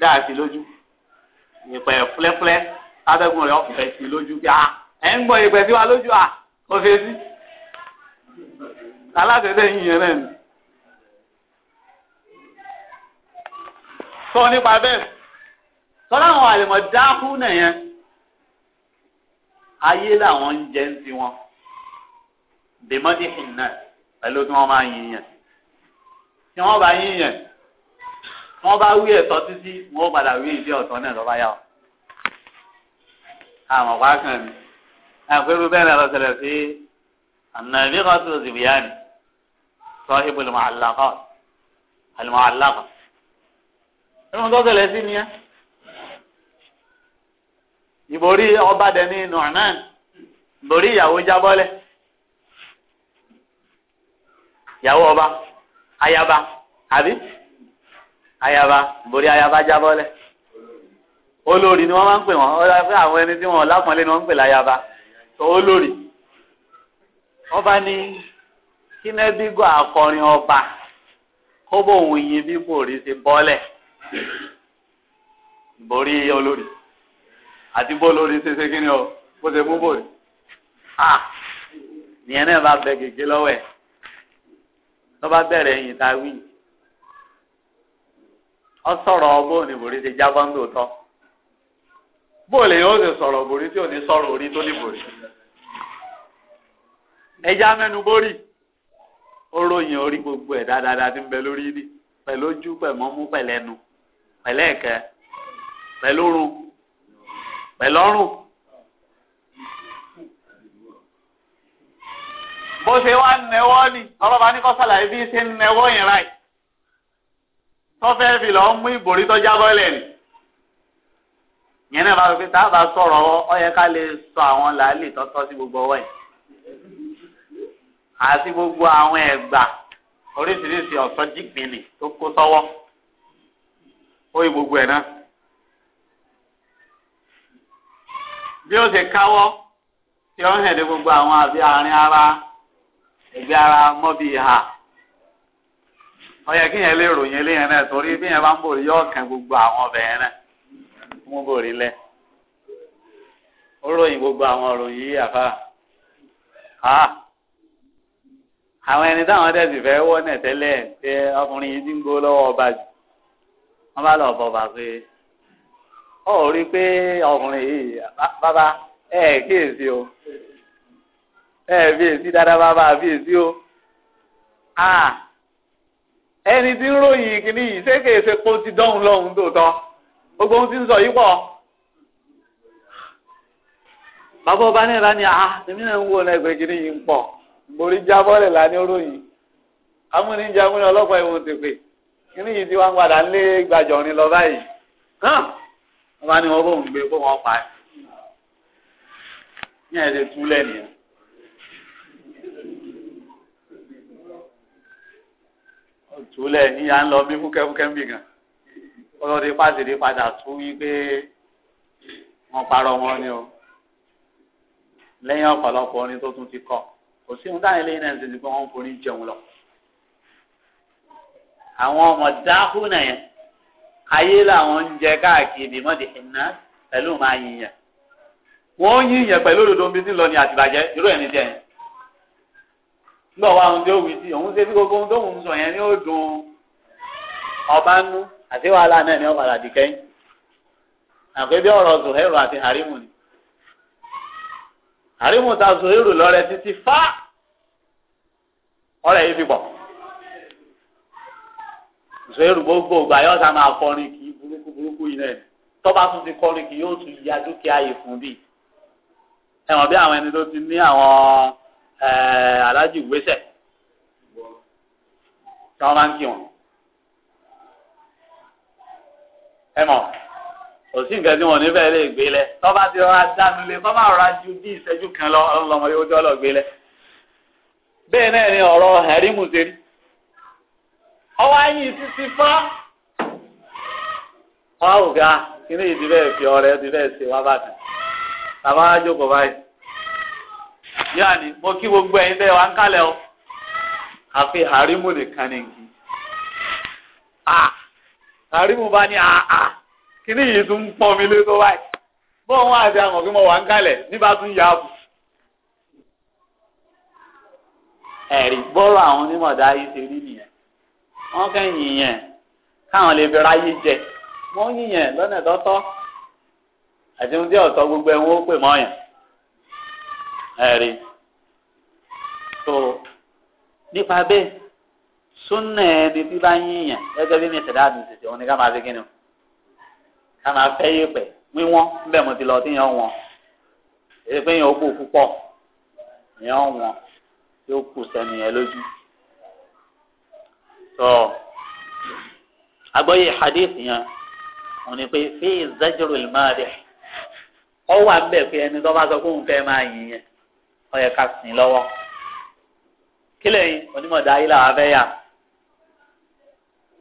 dáa sí lójú ìpẹ́ fúlẹ́fúlẹ́ atẹ́gùn rẹ̀ ọ̀fẹ́ sí lójú pé ah ẹ̀ ń gbọ́ ìpẹ́ sí wa lójú ah ó fẹ́ sí alátẹ̀tẹ̀ yìí yẹn náà ni. sọ nípa bẹ́ẹ̀ sọ láwọn àlèmọ̀ dákú nìyẹn ayé làwọn ń jẹ́ ń tiwọn bèmọ́dé hìnnà pẹ̀lú tí wọ́n máa yín yẹn tí wọ́n bá yín yẹn wọ́n bá wí ẹ̀tọ́ títí wọ́n padà wí ilé ọ̀tọ̀ náà lọ́ba yá ọ. àmọ̀ wá kàn mí àpérò bẹ́ẹ̀ náà lọ́sẹ̀lẹ̀ sí ànàbí kan tó zìbìyà ni sọ ibò lè mọ àlàkọ àlùmọ àlàkọ. tó ṣẹlẹ̀ sí ni ẹ́ ìborí ọba dẹni nùrán ìborí ìyàwó jábọ́lẹ̀ ìyàwó ọba ayaba àbí ayaba borí ayaba jábọ́lẹ̀ olórí ni wọ́n máa ń pè wọ́n ọlọ́pẹ́ àwọn ẹni tí wọ́n lápọ̀nlé ni wọ́n ń pè láyaba tó olórí wọ́n bá ní kínẹ́bígọ́ akọrin ọba kó bóun yin bí borí ṣe bọ́lẹ̀ borí olórí àti bó olórí ṣe ṣe kíni o bó ṣe mú borí ah ìyẹn náà bá bẹ gègé lọ́wọ́ ẹ̀ lọ́ba bẹ̀rẹ̀ yìí ta wíyì. Ọ ọgbọ́n ọgbọ bòrí ti jábọ́ ń lòótọ́ bóòlù yóò ti sọ̀rọ̀ bòrí tí ò ní sọ̀rọ̀ orí tó ní ẹja mẹ́nu bórì ròyìn orí gbogbo ẹ̀ dáadáa ti ń bẹ lórí pẹ̀lú ojú pẹ̀mọ́mú pẹ̀lẹ́nu pẹ̀lẹ́ẹ̀kẹ́ pẹ̀lórun bó ṣe wá nẹwọ́ ni ọlọ́ba ní kọ́sàlàyé bí tọ́fẹ́ fi lọ mú ìbòrí tó jábọ́ lẹ̀ ni. yẹn náà bá rò tá a bá sọ̀rọ̀ ọ yẹ ká lè sọ àwọn làálì tọ́tọ́ sí gbogbo ọwọ́ yìí. àti gbogbo àwọn ẹ̀gbà oríṣiríṣi ọ̀sọ́ jìpínì tó kó sọ́wọ́ ó yí gbogbo ẹ̀ náà. bí ó ṣe káwọ́ tí ó ń hẹ̀dẹ̀ gbogbo àwọn àbí àárín ara ẹ̀gbẹ́ ara mọ́bí ìhà ọyẹ kí yẹn lè ròyìn eléyẹn náà torí bí yẹn bá ń bòrí yọ kàn gbogbo àwọn ọbẹ yẹn náà mú bòrí lẹ ó ròyìn gbogbo àwọn ròyìn yìí àfa àwọn ẹni táwọn tẹsí fẹ́ wọ náà tẹ́lẹ̀ pé ọkùnrin yìí ti ń gbó lọ́wọ́ ọba jù wọn bá lọ bọ bá pé ó rí pé ọkùnrin yìí bàbá ẹ kíyèsí o ẹ bí dáadáa bàbá bí o. ẹni tí ń ròyìn kìíní yìí ṣé kèé ṣe kó ti dọ́hùn lọ́hùn tòótọ́ gbogbo ohun tí ń sọ yìí pọ̀. bàbá ọba náà lánìí ah èmi náà ń wo ọ̀nà ẹgbẹ́ kìíní yìí ń pọ̀ borí jábọ́lẹ̀ ròyìn amúnijẹ lé lọ báyìí bá ní wọn bóun gbé kó wọn pa ní òtúlẹ̀ níyà ń lọ mí fúkẹ́fúkẹ́ ń bì gan ọlọ́dẹ pàṣẹ padà tú wípé wọ́n parọ́ wọn ni o lẹ́yìn ọ̀pọ̀lọpọ̀ orin tó tún ti kọ kò sí ohun táyà lẹ́yìn náà ṣe pé wọ́n forí jẹun lọ àwọn ọmọ dáhùnà yẹn ayé làwọn ń jẹ káàkiri mọ́tì iná pẹ̀lú máa yìnyẹn wọ́n yìnyẹn pẹ̀lú òdodo bí sí lọ ní àtìbàjẹ́ irú ẹ̀ ní jẹ́ yẹn ńgbà wa ohun tí ó wí sí òun ṣe bí gbogbo ohun tó ń sọ yẹn ni ó dùn ọba nú àti wàhálà náà ni ó padà dì kẹ́yìn àpé bí ọ̀rọ̀ zuhẹ́rù àti harimu ni harimu ta zuhẹ́rù lọ́rẹ́ títí fá ọ̀rẹ́ yìí fi pọ̀ zuhẹ́rù gbogbo ìgbà yóò sá máa kọrin kì í burúkú burúkú yìí náà tọ́ba tún ti kọrin kì yóò tún ya dúkìá yìí fún bíi ẹ̀wọ̀n bí àwọn ẹni tó ti ní àwọn. Eh, aláàjì wẹsẹ tí wọn máa ń kí wọn ẹ mọ òsì nǹkan tí wọn níbẹ̀ lè gbé lẹ tọ́ba ti rọra dánu lé tọ́ba rọra ju bí ìṣẹ́jú kan lọ ọlọ́mọ yóò tí wọ́n lọ gbé lẹ. bẹ́ẹ̀ náà ni ọ̀rọ̀ ẹ̀rímù ṣe rí ọwọ́ ayé títí fọ́ ọ̀gá ah, kí ni ìdí bẹ́ẹ̀ fi ọ̀rẹ́ ti bẹ́ẹ̀ ṣe wá bàtà tàbá jókòó báyìí. yáàni mo kí gbogbo ẹ̀yin tẹ́ wá ń kálẹ̀ o àfi àrímù nìkan ni nkì àrímù bá ní àà kíní yìí tún ń pọ́n mi lé báyìí bó wọn àti àwọn òfin mọ wá ń kálẹ̀ nígbà tún yà á bù. ẹ̀rí bọ́rọ̀ àwọn onímọ̀dá yìí ṣe rí nìyẹn wọ́n kẹ́yìn yẹn káwọn lè fi ráyé jẹ wọ́n yìnyẹn lọ́nà tọ́tọ́ àti ohun tí ọ̀tọ́ gbogbo ẹ̀ ń wó pè mọ́ yẹn ẹ̀rí tó nípa bẹ́ẹ̀ súnà ẹni tí bá yíyàn gẹ́gẹ́ bí mi ṣẹ̀dá mi ṣẹ̀ṣẹ̀ òun ni ká máa fi kíni o ká máa fẹ́ yé pẹ̀ wíwọ́n bẹ́ẹ̀ mo ti lọ tíyan wọn èyí pé yẹn ó kú púpọ̀ yẹn ó wọn yóò kú sẹ́ni yẹn lójú tó agbọ́yé hadith yẹn òun ni pé fi zajrul madih ọ wà ń bẹ̀ pé ẹni tó bá sọ fóun fẹ́ máa yìn yẹn ó yẹ ká sìn lọ́wọ́ kílẹ̀ yìí onímọ̀ dáyé làwọn afẹ́ yà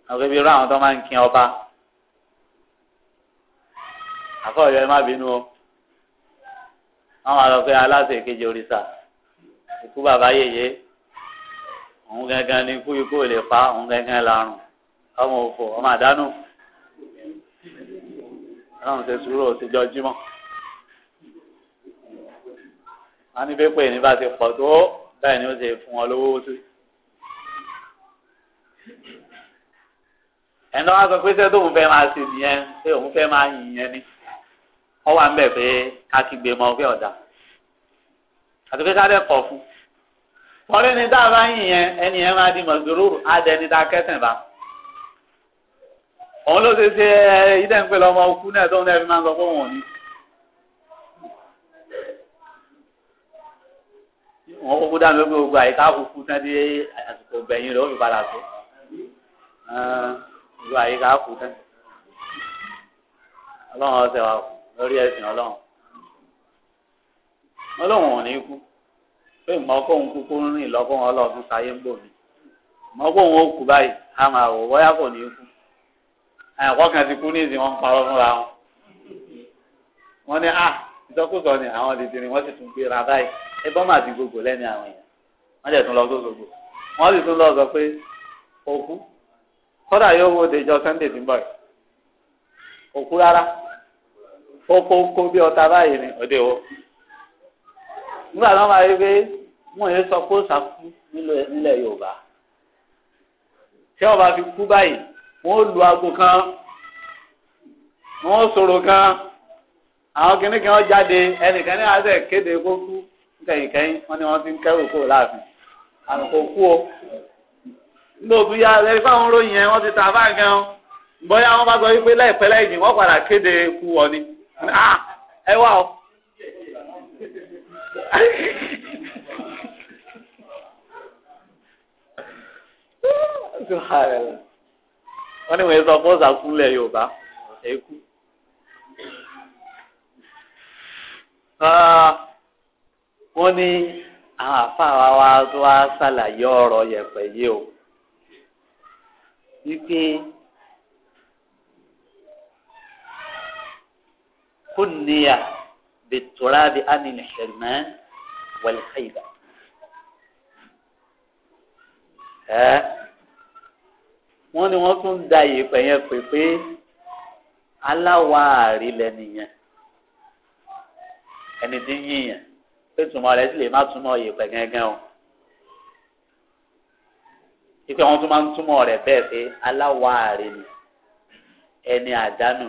àwọn ibi irú àwọn tó máa ń kin ọba àfọ̀yọ ẹ má bínú o wọ́n máa lọ pé aláṣẹ ìkejì òrìṣà ikú bàbá yèyé òun gangan ni ikú ikú ò lè pa òun gangan làrùn ọmọ òfò ọmọ àdánù ọlọ́run ṣe sùúrù òṣèjọ́ jímọ̀. wọn ní pépè ní bá ti pọ̀ tó bẹ́ẹ̀ ni ó ṣe fún wọn lówó sí. ẹ̀ńdá wa sọ pé sẹ́tò òun fẹ́ máa ṣe nìyẹn pé òun fẹ́ máa yìn yẹn ni wọ́n wà ń bẹ̀ pé kákígbe mọ pé ọ̀dà àti pé sáré kọ̀ fún wọ́n lé ní bá yìn yẹn ẹni yẹn máa di mọ̀gbòrò adẹni tá a kẹ́sìn bá òun ló ṣe ṣe ìdẹ́npẹ́ lọ́mọ okú náà tóun náà fi máa sọ pé òun ò wọn kúkú dá mi gbogbo àyíká kúkú tán dé àsìkò bẹ̀yìn rẹ̀ ó fi padà tó gbogbo àyíká kú tán ọlọ́run ọ̀sẹ̀ wa lórí ẹ̀sìn ọlọ́run ọlọ́run ò ní kú pé mọ́kóhun kúkú ń rìn lọ́kóhun ọlọ́run sáyé ń bò mí mọ́kóhun ó kú báyìí a máa wò bóyá kò ní kú àyànkọ́ kan ti kú ní ìsìn wọn ń parọ́ fúnra wọn wọn ní à ah, ìsọkúsọ ni àwọn tètè ni wọ́n sì tún gbéra báyìí ẹbọ máa di gbogbo lẹ́nu àwọn èèyàn wọ́n dẹ̀ tún lọ gbogbo wọ́n sì tún lọ sọ pé òkú kọ́dà yóò wo dèjọ sunday tí ń bọ̀ yìí òkú rárá ó kó kó bí ọta báyìí ni òde o nígbà tí wọ́n máa rí pé wọ́n yóò sọ pé ó sàkú nílẹ̀ yorùbá tí ọba fi kú báyìí wọ́n ó lu aago kan wọ́n ó sọ̀rọ̀ kan àwọn kìnnìkan jáde ẹnìkan ní àṣẹ kéde kó kú kẹ̀yìnkẹ̀yìn wọ́n ní wọ́n ti ń kẹ́rù kúrò láàfin àrùn kò kú o lóòtú ya ẹ̀rí fáwọn ròyìn yẹn wọ́n ti ta bá gan ọ́n bóyá wọ́n bá gbọ́ wípé láìpẹ́ láìjìn wọ́n padà kéde ku wọ́n ni ẹ wá o. wọ́n ní wọ́n sọ fún ṣàkúnlẹ̀ yorùbá ẹ̀kú wọ́n ní àwọn àfáà wa tó wá ṣàlàyé ọ̀rọ̀ yẹ̀pẹ̀ yìí o wípé kúnìyà bìtúrà bí amínú ṣẹlẹ̀ wàlíkàyìbá. wọ́n ní wọ́n tún da yẹ̀pẹ̀ yẹn pè pé aláwàárí lẹ́nìyẹn ẹni tí ń yíyàn pé túmọ̀ rẹ̀ sì lè má túmọ̀ yèèpẹ̀ gángan o ipe wọn tún máa ń túmọ̀ rẹ̀ bẹ́ẹ̀ pé aláwàárẹ̀ ni ẹni àdánù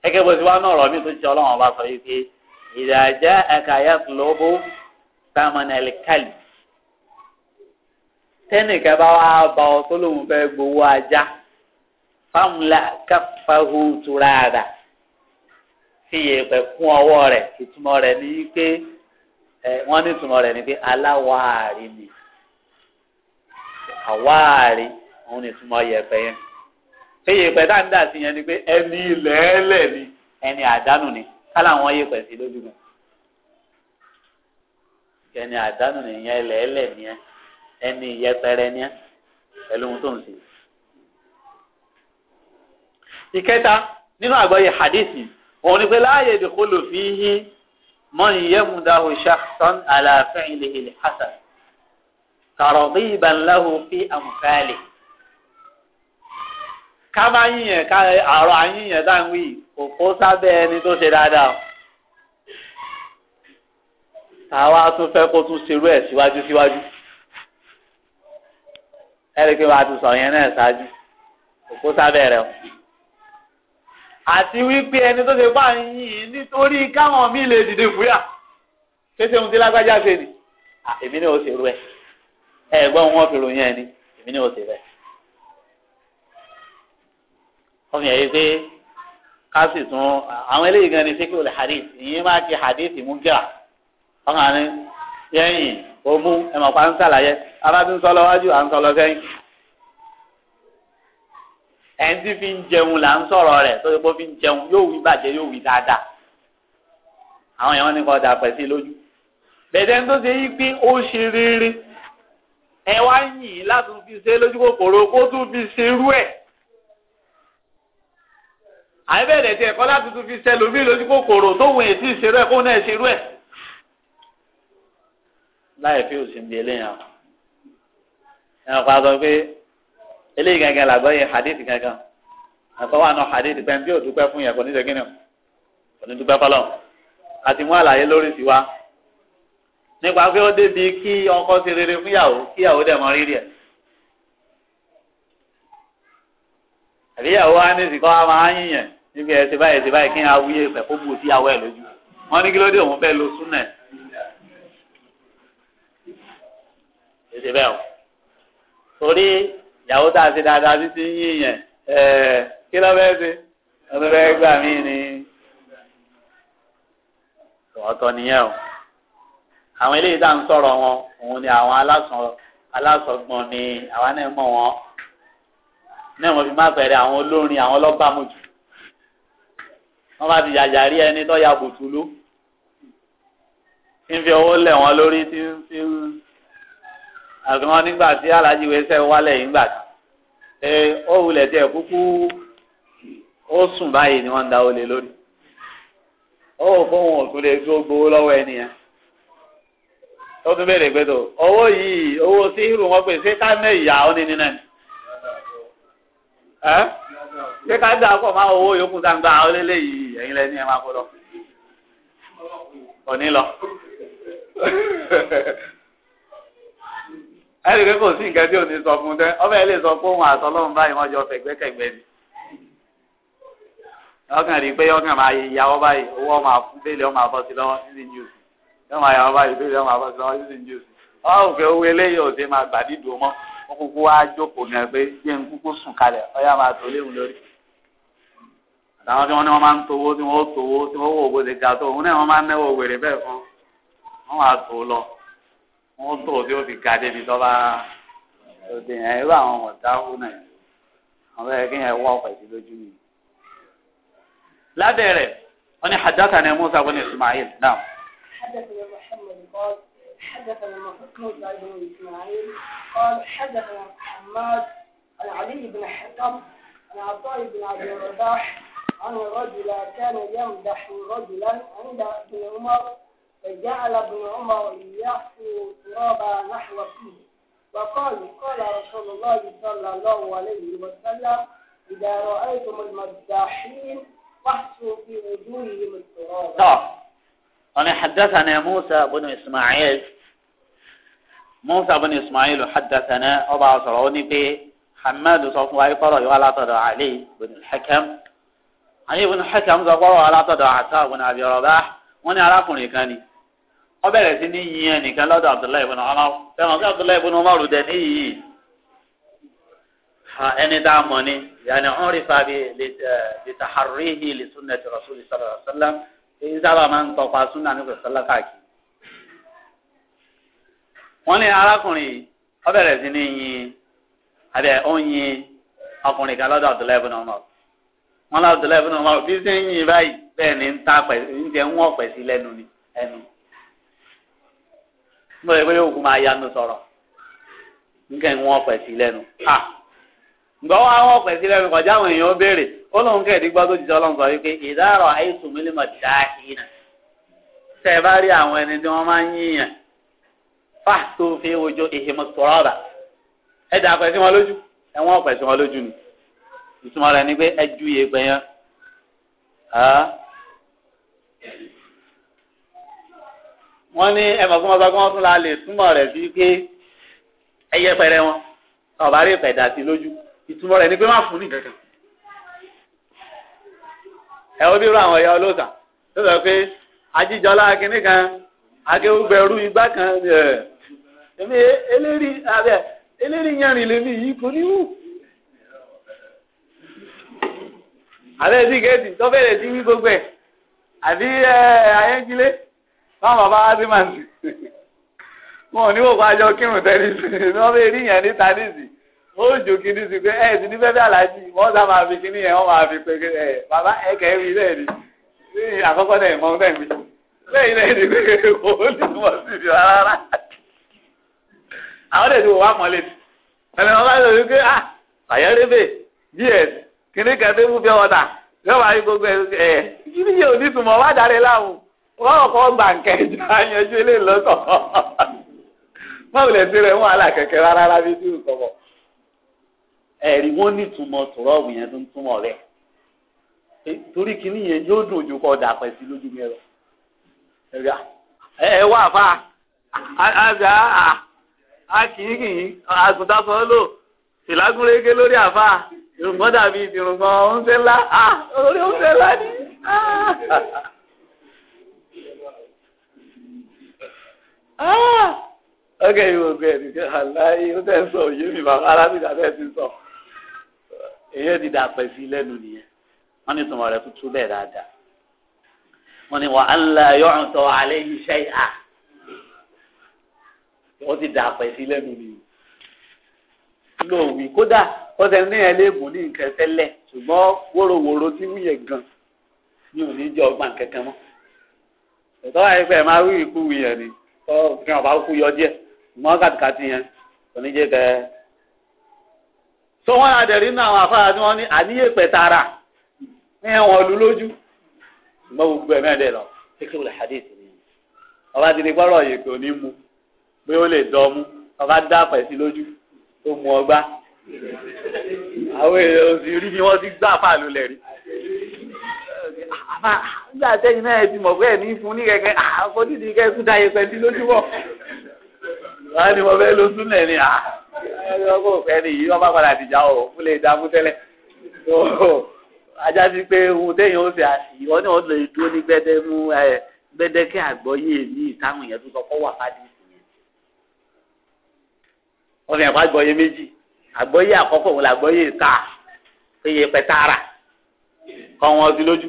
ni gẹ́gẹ́ bó ti wá náà ọ̀rọ̀ mi tó ti ọlọ́run ọba sọ yìí pé ìdájá ẹ̀ka ayatollah samuel alikali tẹ́nìkan bá wá bá ọ tó lóun fẹ́ gbowó ajá fámúlà káfáhù tura rà fi yèèpẹ̀ ọwọ́ rẹ̀ ìtumọ̀ rẹ̀ ni pé ẹ wọ́n ní ìtumọ̀ rẹ̀ ni pé aláwárí ni àwárí òun ní ìtumọ̀ yẹ̀pẹ̀ yẹn ṣé yẹ̀pẹ̀ tá à ń dà sí yẹn ni pé ẹni ilẹ̀ ẹlẹ̀ ni ẹni àdánù ni kálá wọn yẹ̀pẹ̀ sí lójúmọ́ ẹni àdánù nìyẹn ẹlẹ̀ Ni nìyẹn ẹni yẹpẹrẹ nìyẹn pẹ̀lú ohun tó ń ṣe. ìkẹta nínú àgbọ́yé hadithi òun ni pé láàyè ìdíkó lò fi hí. من يمده شخصا على فعله الحسن ترغيبا له في أمثاله ká má yíyàn ká àrò àyíyàn tá à ń wí kò kó sábẹ́ ẹni tó ṣe dáadáa táwa tún fẹ́ kó tún ṣerú ẹ̀ síwájú síwájú ẹ̀rí pé wàá ti sọ yẹn náà ṣáájú kò kó sábẹ́ rẹ̀ o àti wípé ẹni tó ṣe bá ń nítorí káwọn mi lè dìde fúyà ṣéṣe ohun tí lágbájá ṣe ni èmi náà ó ṣe rú ẹ ẹ̀gbọ́n wọn fi ròyìn ẹni èmi náà ó ṣe bẹ́ẹ̀. wọ́n fi pé ká sì tún àwọn eléyìí gan ni fíkì olè hadith ìyẹn máa ti hadith mú gíra wọ́n kàn ní yẹ́yìn omú ẹ̀mọ̀pá ń ṣàlàyé arábí ń sọ lọ́wájú à ń sọ lọ sẹ́yìn ẹnití fi ń jẹun là ń sọ̀rọ̀ rẹ̀ tó ṣe pé fi ń jẹun yóò wí bàjẹ́ yóò wí dáadáa àwọn èèyàn ní kò dà pẹ̀ sí lójú bẹ̀dẹ̀ tó ṣe yí pé ó ṣe rere ẹ wá yìn láti fi ṣe lójú kòkòrò kó tún fi ṣe irú ẹ̀ àìbẹ̀rẹ̀ tí ẹ̀kọ́ láti tún fi ṣe lómi lójú kòkòrò tó wọ̀ èsì ìṣerú ẹ̀ kó náà ṣe irú ẹ̀ láì fi òsì ń di eléyàn ẹ̀ eléyìí gangan làgbọ́ yẹ hadith gangan àkọ́wọ́ àná hadith pẹ́ bí òdúpẹ́ fún yẹn kò ní sẹ́gínì kò ní dúpẹ́ fọlọ́ àti mú àlàyé lórí sí wa nípa pé ó débi kí ọkọ ṣe rere fún yàwó kí yàwó dẹ̀ mọ rírì ẹ̀ àbí yàwó wa ní ìsìnkọ́ wa máa ń yìnyẹn níbi ẹ̀ ṣe báyìí ṣe báyìí kí n awúyé ìfẹ́ kó bu sí yàwó ẹ̀ lójú wọ́n ní kí ló dé òun fẹ́ lo súnà ẹ̀ bẹ́ẹ̀ o torí ìyàwó tá a ṣe dáadáa sí ti ń yín yẹn kí ló fẹ́ẹ́ ṣe ọdún fẹ́ẹ́ gbà mí ni ọ̀tọ̀ nìyẹn o àwọn eléyìí tá à ń sọ̀rọ̀ wọn òun ni àwọn alásọgbọ̀n ni àwa náà mọ̀ wọn náà wọ́n fi má bẹ̀rẹ̀ àwọn olórin àwọn ọlọ́gbàmùjù wọ́n bá ti yàyà ẹni tó ya bùtùlù ń fi owó lẹ̀ wọ́n lórí tí ń fi ń àgbọn nígbà tí alájí wẹsẹ̀ wálẹ̀ yìí gbà kan ẹ ó wulẹ̀ tẹ kúkú ó sùn báyìí ni wọ́n ń da olè lórí ó wò fóun òtún lè tó gbowó lọ́wọ́ ẹni yẹn ó tún béèrè pé tó owó yìí owó tí irú wọn pè ṣé ká mẹ ìyá ó ní nínú ẹ ẹ ṣé ká dà pọ̀ máa owó yòókù tá ń gba ó lélẹ́yìí ẹ̀yin lẹ́ni ẹ máa kó lọ òní lọ. ẹnì pé kò sí nǹkan tí ò ní sọ fún tẹ ọbẹ̀ lè sọ pé òun àtọlọ́run báyìí wọ́n jọ fẹ̀gbẹ́kẹ̀gbẹ́ ni. ọkàn rí i pé ọkàn máa yàwọ́ báyìí owó ọmọ àfún bẹ́ẹ̀lì ọmọ àbọ̀sí lọ́wọ́ nínú news yóò máa báyìí bẹ́ẹ̀lì ọmọ àbọ̀sí lọ́wọ́ sí máa gbà dídùn tí wọ́n ní wọ́n máa ń towó tí wọ́n ó towó tí wọ́n wò ó bó ṣe ga tó òun náà wọ́n máa ń náwó wèrè bẹ́ẹ̀ fún wọ́n máa tó lọ mọ́tò tí ó fi ga débi tó bá yẹn irú àwọn ọ̀dáwó náà àwọn ẹ̀rẹ́ kéèyàn wá ọkọ̀ ìdí lójú mi. lábẹ́ rẹ̀ wọ́n ní hadathana ní musa bin ismail náà. حدثنا محمد قال قال حدثنا حماد عن علي بن حكم عن عطاء بن عبد الرباح عن رجل كان يمدح رجلا عند ابن عمر فجعل ابن عمر يحفو ترابا نحو فيه وقال قال رسول الله صلى الله عليه وسلم إذا رأيتم المداحين فاحسوا في وجوههم التراب طب أنا حدثنا موسى بن إسماعيل موسى بن إسماعيل حدثنا أبا صروني به حماد صوف وعيقرة يغلط علي بن الحكم علي بن الحكم ذكره على تدعى عتاب بن أبي رباح وأنا ní arákùnrin ọ sí ní lọ́dọ̀ Abdullahi fẹ́ràn sí Abdullahi ẹni tá mọ̀ ni yàní ọ̀n rí fàbí lè tàháríhì lè súnà tí rasúlì sọ̀rọ̀ sọ́lá èyí sábà máa ń tọpa súnà nípa sọ́lá káàkiri. wọ́n ní arákùnrin sí ní yin abẹ́ ọkùnrin kan lọ́dọ̀ Abdullahi lọ́dọ̀ Abdullahi ni ń ta pẹ̀ ń jẹ́ ń mo rẹ̀ pé yóò kú máa yanu sọ̀rọ̀ nǹkan ìwọ̀n ọ̀pẹ̀ sí lẹ́nu ha gbọ́ wọn àwọn ọ̀pẹ̀ sí lẹ́nu kọjá àwọn èèyàn béèrè ó lóun kẹ́ẹ̀dí gbọ́ tó jíjọ ọlọ́run sọ wípé ìdárọ̀ àìsùn mílímọ̀ dáhìnà tẹ́ ẹ bá rí àwọn ẹni tí wọ́n máa ń yíyàn fà tó fi ojú ìhìmọ̀ sọ̀rọ̀dà ẹ dà ọ̀pẹ̀ sí wọn lójú ẹ wọ́n ọ̀pẹ̀ sí wọn lójú ni ìtumọ̀ rẹ̀ ni pé ẹ ju iye pẹ̀yàn wọ́n ní ẹ̀mọ̀ kí wọ́n sọ pé wọ́n tún la lè túmọ̀ rẹ̀ sí pé ẹyẹ pẹrẹ wọn ọ̀bá rí ìpẹ̀dà sí lójú ìtumọ̀ rẹ̀ ni pé má fún ní kankan. ẹ ó bí irú àwọn ẹ̀yà olóòtà tó sọ pé ajíjọlá kínní kan akéwùgbẹ̀rú igbá kan ẹ̀mí eléri abẹ eléri yanrìn lèmi yìí kò ní wù. àbẹ́ sí géètì tó bẹ̀rẹ̀ sí wí gbogbo ẹ̀ àbí ayẹ́jìlé. báwọn bá wá sí màá sí wọn ò ní wò kírun tẹlifí ní wọn bẹ rí yẹn níta nísì ó jò kíní sí pé ẹ ti ní aláàjì kíní yẹn wọn máa fi pé ẹ bàbá ẹ kẹ́ mi ni ní àkọ́kọ́ náà ìmọ̀ mi ni pé ó mọ̀ rárá àwọn èdè wò wá mọ́lẹ̀ tì wọn bá wípé ah, kíní wáyé ẹ̀ wọ́n ọ̀pọ̀ gbà kẹjọ ayanjú ilé lọ́tọ̀ báwo lè rẹ̀ wọ́n alákẹ̀kẹ́ rárá rábí sí ìkọ̀bọ̀ ẹ̀rí wọ́n ní ìtumọ̀ tòrọ́ọ̀bù yẹn tó ń túmọ̀ rẹ̀ torí kìíní yẹn yóò dùn ojú kọ́ dà pẹ̀ sí lójú mi rẹ̀ wá àgbà a kìí kìí lò lórí àfa ìrùngbọ́n dàbí oúnjẹ ọkẹ ìwò gbẹ ẹnìkan aláì ó tẹ sọ òye mi bàbá alábìdá tẹ ti sọ èyí ti dà pẹ sí lẹ́nu nìyẹn wọn ní tọmọ rẹ tuntun bẹ́ẹ̀ dáadáa wọn ní wà á ń la yọrùn tọ alẹ iṣẹ à ó ti dà pẹ sí lẹ́nu nìyẹn lóòwì kódà ó tẹ ní ẹ léèbù ní nǹkan tẹ́lẹ̀ ṣùgbọ́n wóróworó tí wúyẹ gan ni ò ní jẹ ọgbà kankan mọ́ ìtọ́ àyè pé ẹ máa wí ikú wí yẹn ni kọ́ òfin ọ̀bá kú yọ díẹ̀ mọ́ kàtìkàtì yẹn kò ní jẹ́ tẹ́ ẹ. tó wọ́n á dẹ̀rí nínú àwọn afárá tí wọ́n ní àníyè pẹ̀ ní ẹ̀wọ̀n ọ̀lú lójú mọ́ gbogbo ẹ̀ mẹ́ẹ̀ẹ́dẹ́ lọ kékeré wọlé hadith ni ọba ti ní gbọ́rọ̀ yìí kò ní mu pé ó lè dán mú ọba dá pẹ̀ sí lójú tó mu ọgbá àwọn èèyàn òsì rí rí àbá ah, ah, nígbà tẹ́yìn náà ti mọ̀ pé ẹ̀mí fún ní kẹ̀kẹ́ àfojúdi kẹ́kùn dá yẹpẹ bí lójúbọ̀ wọ́n á ní mo fẹ́ lo súnlẹ̀ ni ah. ọkọ̀ òfẹ́ ni yìí wọ́n bá padà dìjà ọ̀ fún lè dá fún tẹ́lẹ̀ ajá sí pé ohun tẹ́yìn ó ṣe àṣìyọ́ ni wọ́n lè dúró ní gbẹ́dẹ́ mú gbẹ́dẹ́kẹ́ àgbọ́yé mi táwọn èèyàn tó sọ fọ́ wà fádì wọ́n fi hàn méjì àgbọ́yé kọ́ wọn sí lójú.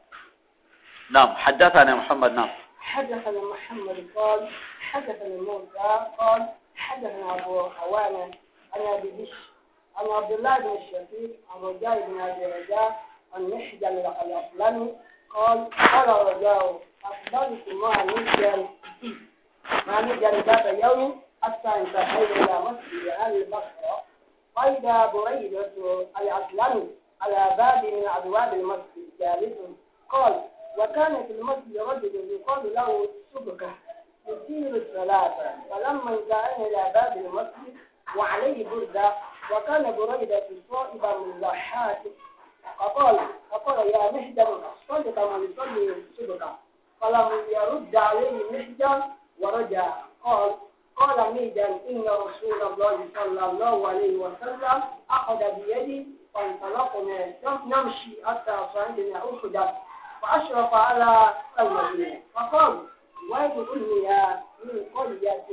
نعم حدثنا محمد نعم حدثنا محمد قال حدثنا موسى قال حدثنا أبو حوانة انا بهش انا عن عبد الله بن الشفيق عن جاي بن أبي رجاء عن محجن الأسلمي قال قال رجاء أخبركم مع محجن مع محجن ذات يوم حتى انتهينا إلى مسجد أهل البصرة فإذا بريدة الأسلمي على باب من أبواب المسجد جالس قال وكان في المسجد رجل يقال له سبكة يسير الصلاة فلما جاءنا إلى باب المسجد وعليه بردة وكان بريدة صائبا من ضحاك فقال فقال يا مهجر صدق من يصلي السبكة فلم يرد عليه مهجر ورجع قال قال ميدا إن رسول الله صلى الله عليه وسلم أخذ بيدي فانطلقنا نمشي حتى صعدنا أحدا فأشرف على الذين فقالوا ويل أمنيا من قرية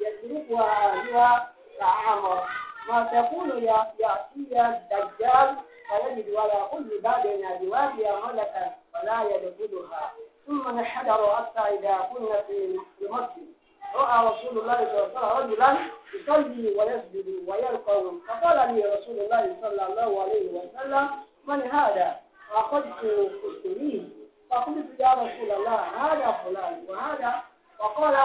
يسرقها أهلها طعاما ما تقول يا يأتي الدجال فيجد ولا كل باب أبوابها ملك فلا يدخلها ثم انحدر حتى إذا كنا في المسجد رأى رسول الله صلى الله عليه وسلم رجلا يصلي ويسجد ويرقى فقال لي رسول الله صلى الله عليه وسلم من هذا؟ فأخذت أشتريه فقلت يا رسول الله هذا فلان وهذا فقال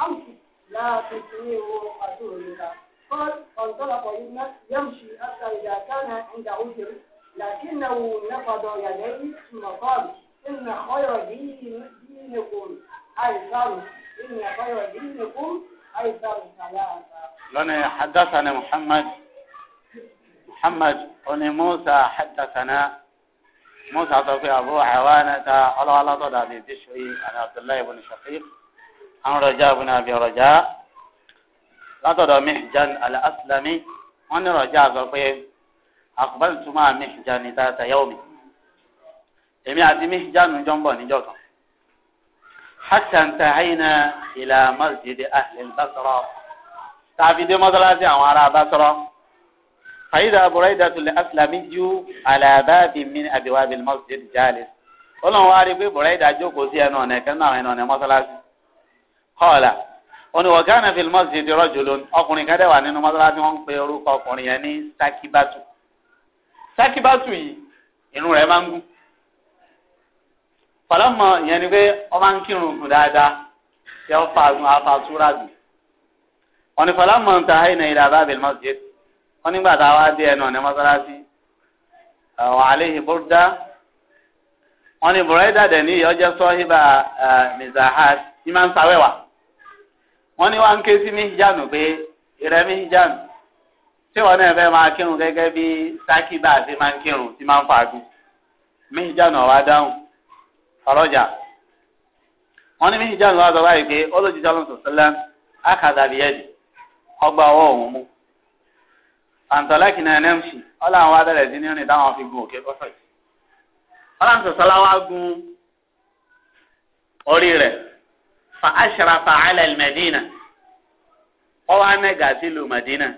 أمسك لا تسمعه أسرك قال فانطلق ابنك يمشي حتى إذا كان عند أجر لكنه نفض يديه ثم قال إن خير دين دينكم أيسر إن خير دينكم أيسر ثلاثة لنا حدثنا محمد محمد بن موسى حدثنا musa sọ pé abu awana ta ọlọ́wọ́lọ́tọ̀ dàbí bíṣoyì àti abdullahi ibn shafiq àwọn rọjá ibn abi rọjá látọ̀dọ̀ mihjan al-aslami wọ́n ní rọjá sọ pé àkùbálùtù máa mihjan ní tata yawmi èmi àti mihjan jọ ń bọ̀ níjọ́ kan hatta ntahayna ila masjid ahli basra tàbí dé mọ́sálásí àwọn ará basra fàyídà Burayda tó lè asilami ju alábàbí mi àbíwábi masjid jalis ọlọ́run wá rí pé Burayda jókòó sí ẹnu ọ̀nà ẹ̀kẹ́ náà ẹnu ọ̀nà mọ́sálásí kọ́ọ̀là oníwọ̀ gánà fi masjid rajulun ọkùnrin kan dẹ̀ wà nínú mọ́sálásí wọ́n ń pe orúkọ ọkùnrin yẹn ní sakibatu sakibatu yìí inú rẹ̀ máa ń gún fọlọ́mọ ìyẹn ni pé ọ máa ń kírun gùn dáadáa yẹ wọ́n nígbà tá dé ẹnu ọ̀nà mọ́sálásí àwọn àléhìn bọ́dá wọ́n ní bùrẹ́dà dẹ̀ ní ìyọ́jẹ́ sọ́híbà mizahad ní máa ń sawẹ́wà wọ́n ní wá ń ké sí mihijanu pé ìrẹ́ mihijanu tí wọ́n náà fẹ́ máa kírun gẹ́gẹ́ bí sákìbà ti máa ń kírun ti máa ń mihijanu ọ̀wá dáhùn ọlọ́jà àǹtọ̀lẹ́kì náà nẹ́ẹ̀mùsì ọlọ́run wa bẹ̀rẹ̀ sí ní rìn táwọn fi gun òkè kọ́fẹ̀. ọlọ́run sọ̀sọ́lá wa gun orí rẹ̀ fa ashrafa ala al-Madina ọwọ́ anẹ́gà sílùú Madina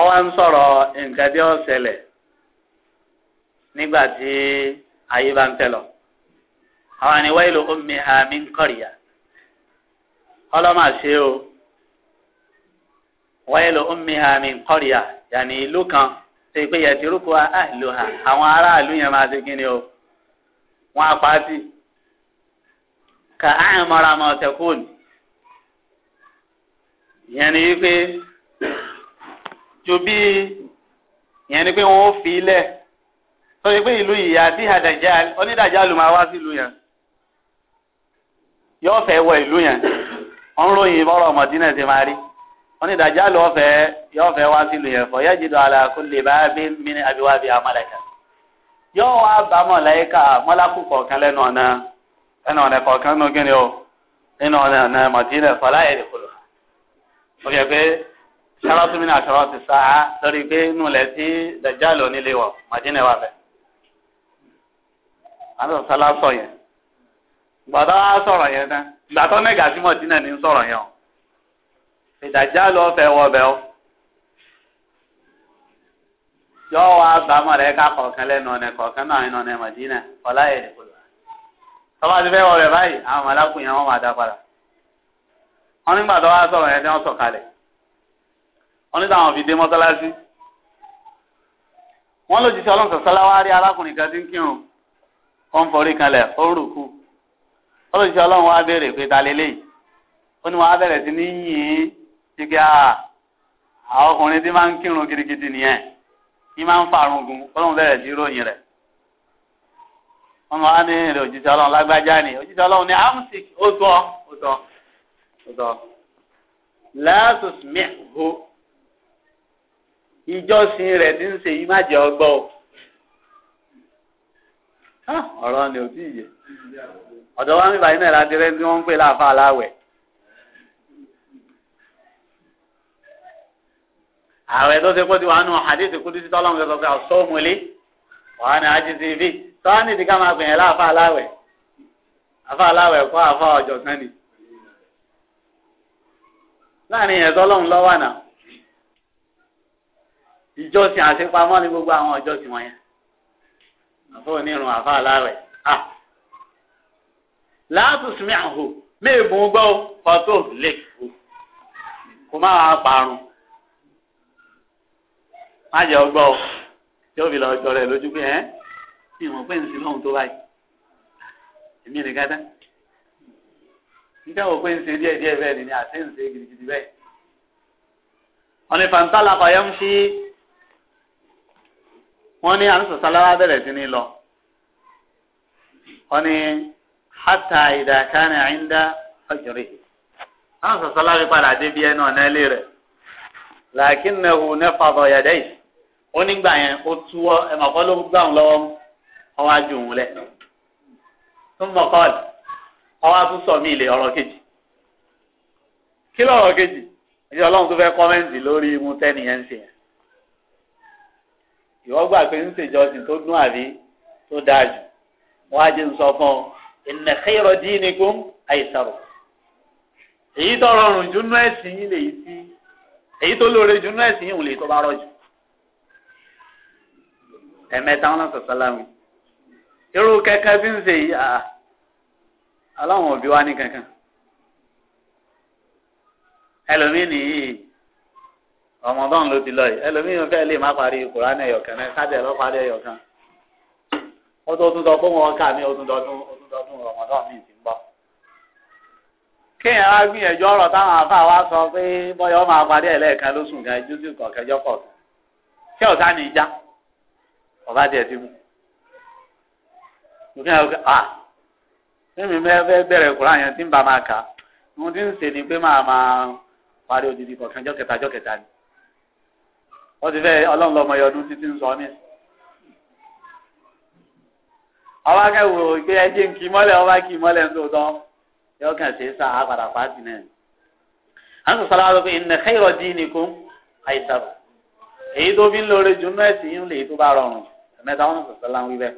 ọwọ́ ń sọ̀rọ̀ nǹkan bí ó ṣẹlẹ̀ nígbà tí ayé bá ń tẹ̀ àwọn àníwáyé ló ń mi hàmí ń kọ̀rìyà ọlọ́màṣe o. wọ́n lọ ummiha min yàní kan ṣe pé yẹtì orúkọ ahluha àwọn aráàlú yẹn máa ṣe kí ni o wọn ka àìmọ́ra mọ́ tẹ̀kùn yẹn ni wípé ju bí yẹn ni pé wọn ó fi ilẹ̀ tó pé ìlú yìí àti àdàjà onídàjà ló máa wá sí ìlú yẹn yóò fẹ́ wọ ìlú yẹn ọ̀n ròyìn ti máa wọ́n ní ìdájọ́ àlọ́ ọ̀fẹ́ yọ ọ̀fẹ́ wá sílùú yẹn fọ́ yẹ́ jìdọ̀ àlàkùnlé bá bí mi ní abiwábi amálẹ̀kà yọ wá bá mọ̀láyíkà mọ́lákù kọ̀ọ̀kan lẹ́nu ọ̀nà ẹnu ọ̀nà kọ̀ọ̀kan nù gíní o nínú ọ̀nà ọ̀nà mọ̀tínà fọlá ẹ̀dẹ̀ kúrò. ó yẹ pé sáràtú mi ní àṣọrọ sá a lórí pé inú ilẹ̀ tí ìdájọ́ àlọ́ nílé wọ̀ mọ̀tínà wà bẹ̀. àlọ́ sọ ìdájà lọ fẹ́ wọ bẹ ọ yọ wá bàmọ rẹ ká kọ̀ọ̀kan lẹ́nu ọ̀nà kọ̀ọ̀kan náà ẹnu ọ̀nà mọdínà ọlá yẹ lẹkọọ tọ́ba ti fẹ́ wọ bẹ báyìí àwọn alákùnrin yẹn wọ́n máa dá padà wọ́n nígbà tó wá sọ̀rọ̀ yẹn tí wọ́n sọ̀ kalẹ̀ wọ́n ní táwọn fi dé mọ́sálásí wọ́n ló jíṣẹ́ ọlọ́sọ̀ sọ́láwárí arákùnrin kan tí ń kírun ó forí kanlẹ̀ ó rù kú wọ́n ló jíṣẹ́ ọlọ́run wá béèrè pé ta lélẹ́yìí ó ní wọ́n á bẹ̀rẹ̀ sí ní yìn ike a àwọn ọkùnrin tí máa ń kírun gidigidi nìyẹn ní máa ń fa arungun ọlọ́run bẹ̀rẹ̀ sí ròyìn rẹ̀ wọ́n máa ní ìrìn òjíṣẹ́ ọlọ́run lágbájá ni òjíṣẹ́ ọlọ́run ní amsik ó tọ́ ó tọ́ ó tọ́ láàtús mẹ́ho ìjọsìn rẹ̀ ní ń ṣe yí má jẹ́ ọgbọ́ o ọ̀rọ̀ ni ò tí ọ̀dọ̀ wa mi báyìí náà láti rẹ́ tí wọ́n ń pè láàfáà láwẹ̀. àwẹ̀ tó ṣe kó ti wà nù hadith kudusi tọ́lọ́mù tó sọ pé àsọ́mùlé wàá ní ajísí bí tọ́ni ti ká máa gbìyànjú láàfà aláwẹ̀ àfà aláwẹ̀ kọ́ àfà ọ̀jọ̀gbọ́n ni láàrin yẹn tọ́lọ́mù lọ́wọ́ náà ìjọsìn àṣepamọ́ ni gbogbo àwọn ìjọsìn wọ̀nyẹn àfọ onírun àfọ aláwẹ̀ à látùsùmí àhò mẹ́ẹ̀bùn gbọ́ kọ́tò lẹ́kọ̀ọ́ kó má wàá parun. má jẹ́ ọgbọ́ o yóò fi lọ jọ rẹ̀ lójú pé ẹ́ mi mọ̀ pé nsìn tó báyìí èmi nìkan tán nígbà wo pé nsìn díẹ̀ díẹ̀ bẹ́ẹ̀ ni ni àti nsìn gidigidi bẹ́ẹ̀ ọ̀nì fàǹtálà ṣí wọ́n ní ànúsọ̀sálára bẹ̀rẹ̀ sí lọ wọ́n ní ìdàkánì àyíndá padà dé bí rẹ̀ yàdẹ́yìí. ó nígbà yẹn ó túwọ́ ẹ mọ̀ kọ́ ló gbà ń lọ́wọ́ mú ọwọ́ ajú òun lẹ̀ tó mọ̀ kọ́ọ̀lì ọwọ́ atúnṣọ mi ilé ọ̀rọ̀ kejì kí lọ́rọ̀ kejì ẹ̀jẹ̀ ọlọ́run tó fẹ́ kọ́mẹ́ǹtì lórí imú tẹ́nìyẹn ń ṣe yẹn ìwọ gbà pé ń ṣèjọsìn tó dún àbí tó dáa jù wọ́n á jẹ́ ń sọ fún ọ inna khayra dinikum àìsàrò èyí tó rọrùn jù nú ẹ̀sìn yín lèyí sí èyí tó lóore jù nú ẹ̀mẹ́ta wọn lọ́sọ̀ sálámù irú kẹ́kẹ́ tí ń ṣe yìí àá ọlọ́run òbí wa ní kankan ẹlòmíín nìyí ọmọdún ló ti lọ yìí ẹlòmíín fẹ́ lè má parí kùrán ẹ̀yọ̀kan náà sábẹ̀ lọ́ parí ẹ̀yọ̀kan ó tó tún dọ́gbọ́n wọn kà mí ó tún dọ́dún ó ọmọdún mi ti ń bọ̀ kéèyàn á gbìyànjú ọ̀rọ̀ táwọn afa wa sọ pé bọ́yọ̀ máa parí ẹ̀ lóṣù kan ju sí kọ̀kẹ́jọ́ pọ̀ kí ọ̀sán ni ìjà ọba tiẹ̀ ti mú mo kí ẹ ọkọ a ẹ̀mí mẹ́fẹ́ bẹ̀rẹ̀ kúrò àyàn tí ń bá máa mo ti ń ṣe ni pé máa máa parí odidi kọ̀ọ̀kan jọ́ kẹta jọ́ kẹta ni wọ́n ti fẹ́ ọlọ́run lọ́mọ ẹyọ ọdún títí ń sọ ní. ọba kẹwò gbé ẹjẹ nkì mọ́lẹ̀ ọba kì mọ́lẹ̀ ńlọtọ́ yọ kàn ṣe é àpàdà pàtì náà. à sọlá wọn pé inna khayra dinikum àìsàrò èyí tó fi ń lóore jù náà lè tó bá rọrùn mẹ́ta wọn sọ̀tọ̀ láwọn wíwẹ́.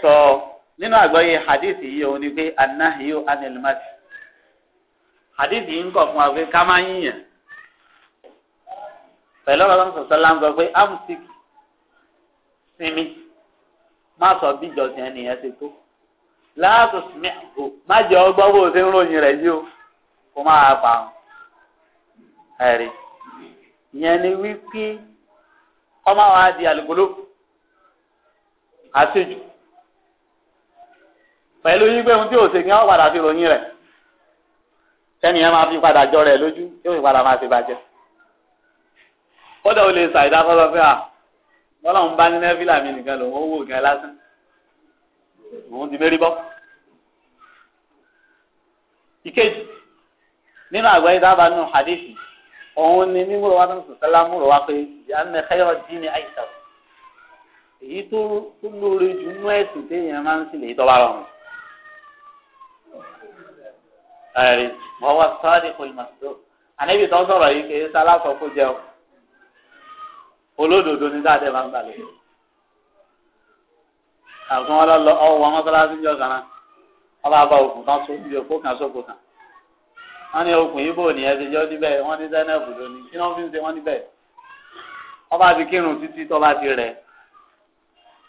sọ nínú àgbọ́yé hadith yìí òun ni pé anahiyo anilmati hadith yìí ń kọ̀ fún wa pé ká máa yíyàn pẹ̀lú ọ̀rọ̀ sọ̀tọ̀ sọ̀tọ̀ láwọn gbọ́ pé amsik sinmi má sọ bíjọsìn ẹnìyẹn ti tó láàtò sinmi àgbo má jẹ́ ọgbọ́n bó ṣe ń ròyìn rẹ̀ yìí o kó máa fà á ẹ̀rí ìyẹn ni wípé ọmọ wa di àlùkò lókun àṣejù pẹ̀lú yígbé ohun tí ò ṣe kí wọ́n padà fi ròyìn rẹ̀ sẹ́ni yẹn máa fi padà jọ rẹ̀ lójú yóò fi padà máa fi bàjẹ́ kódà ó lè ṣàìdá fọlọ́ fẹ́ à bọ́lọ́hún bá ní nẹ́fílà mi nìkan lòun ó wò gan lásán òun ti mérí bọ́. ìkejì nínú àgbáyé dábàá nù hadithi òun ni mímúrò wa tó ń sọ sẹ́lá múrò wa pé ìyá ń mẹ́kẹ́yọ̀ dín ní àìsàn èyí tó tó lóore jù nú ẹ̀sìn téèyàn máa ń sìn lèyí tó bá rọrùn. ẹ̀rí wọ́n wá sọ́ọ́dì kò ìmọ̀ sí ànábì tó ń sọ̀rọ̀ yìí kì í sá lásọ̀ kó jẹun olódodo ní dáadé máa ń gbà lóye. àwọn ọlọ́ lọ ọwọ́ wọn mọ́sálásí ń jọ kan náà wọ́n bá bá òkun kan sóbi òkú kan sóko kan wọ́n ní okùn yìí bò ní ẹ ti jọ níbẹ̀ wọ́n ní sẹ́nẹ̀fù lónìí kí wọ́n fi ń ṣe wọ́n níbẹ̀ wọ́n bá ti kírun títí tó bá ti rẹ̀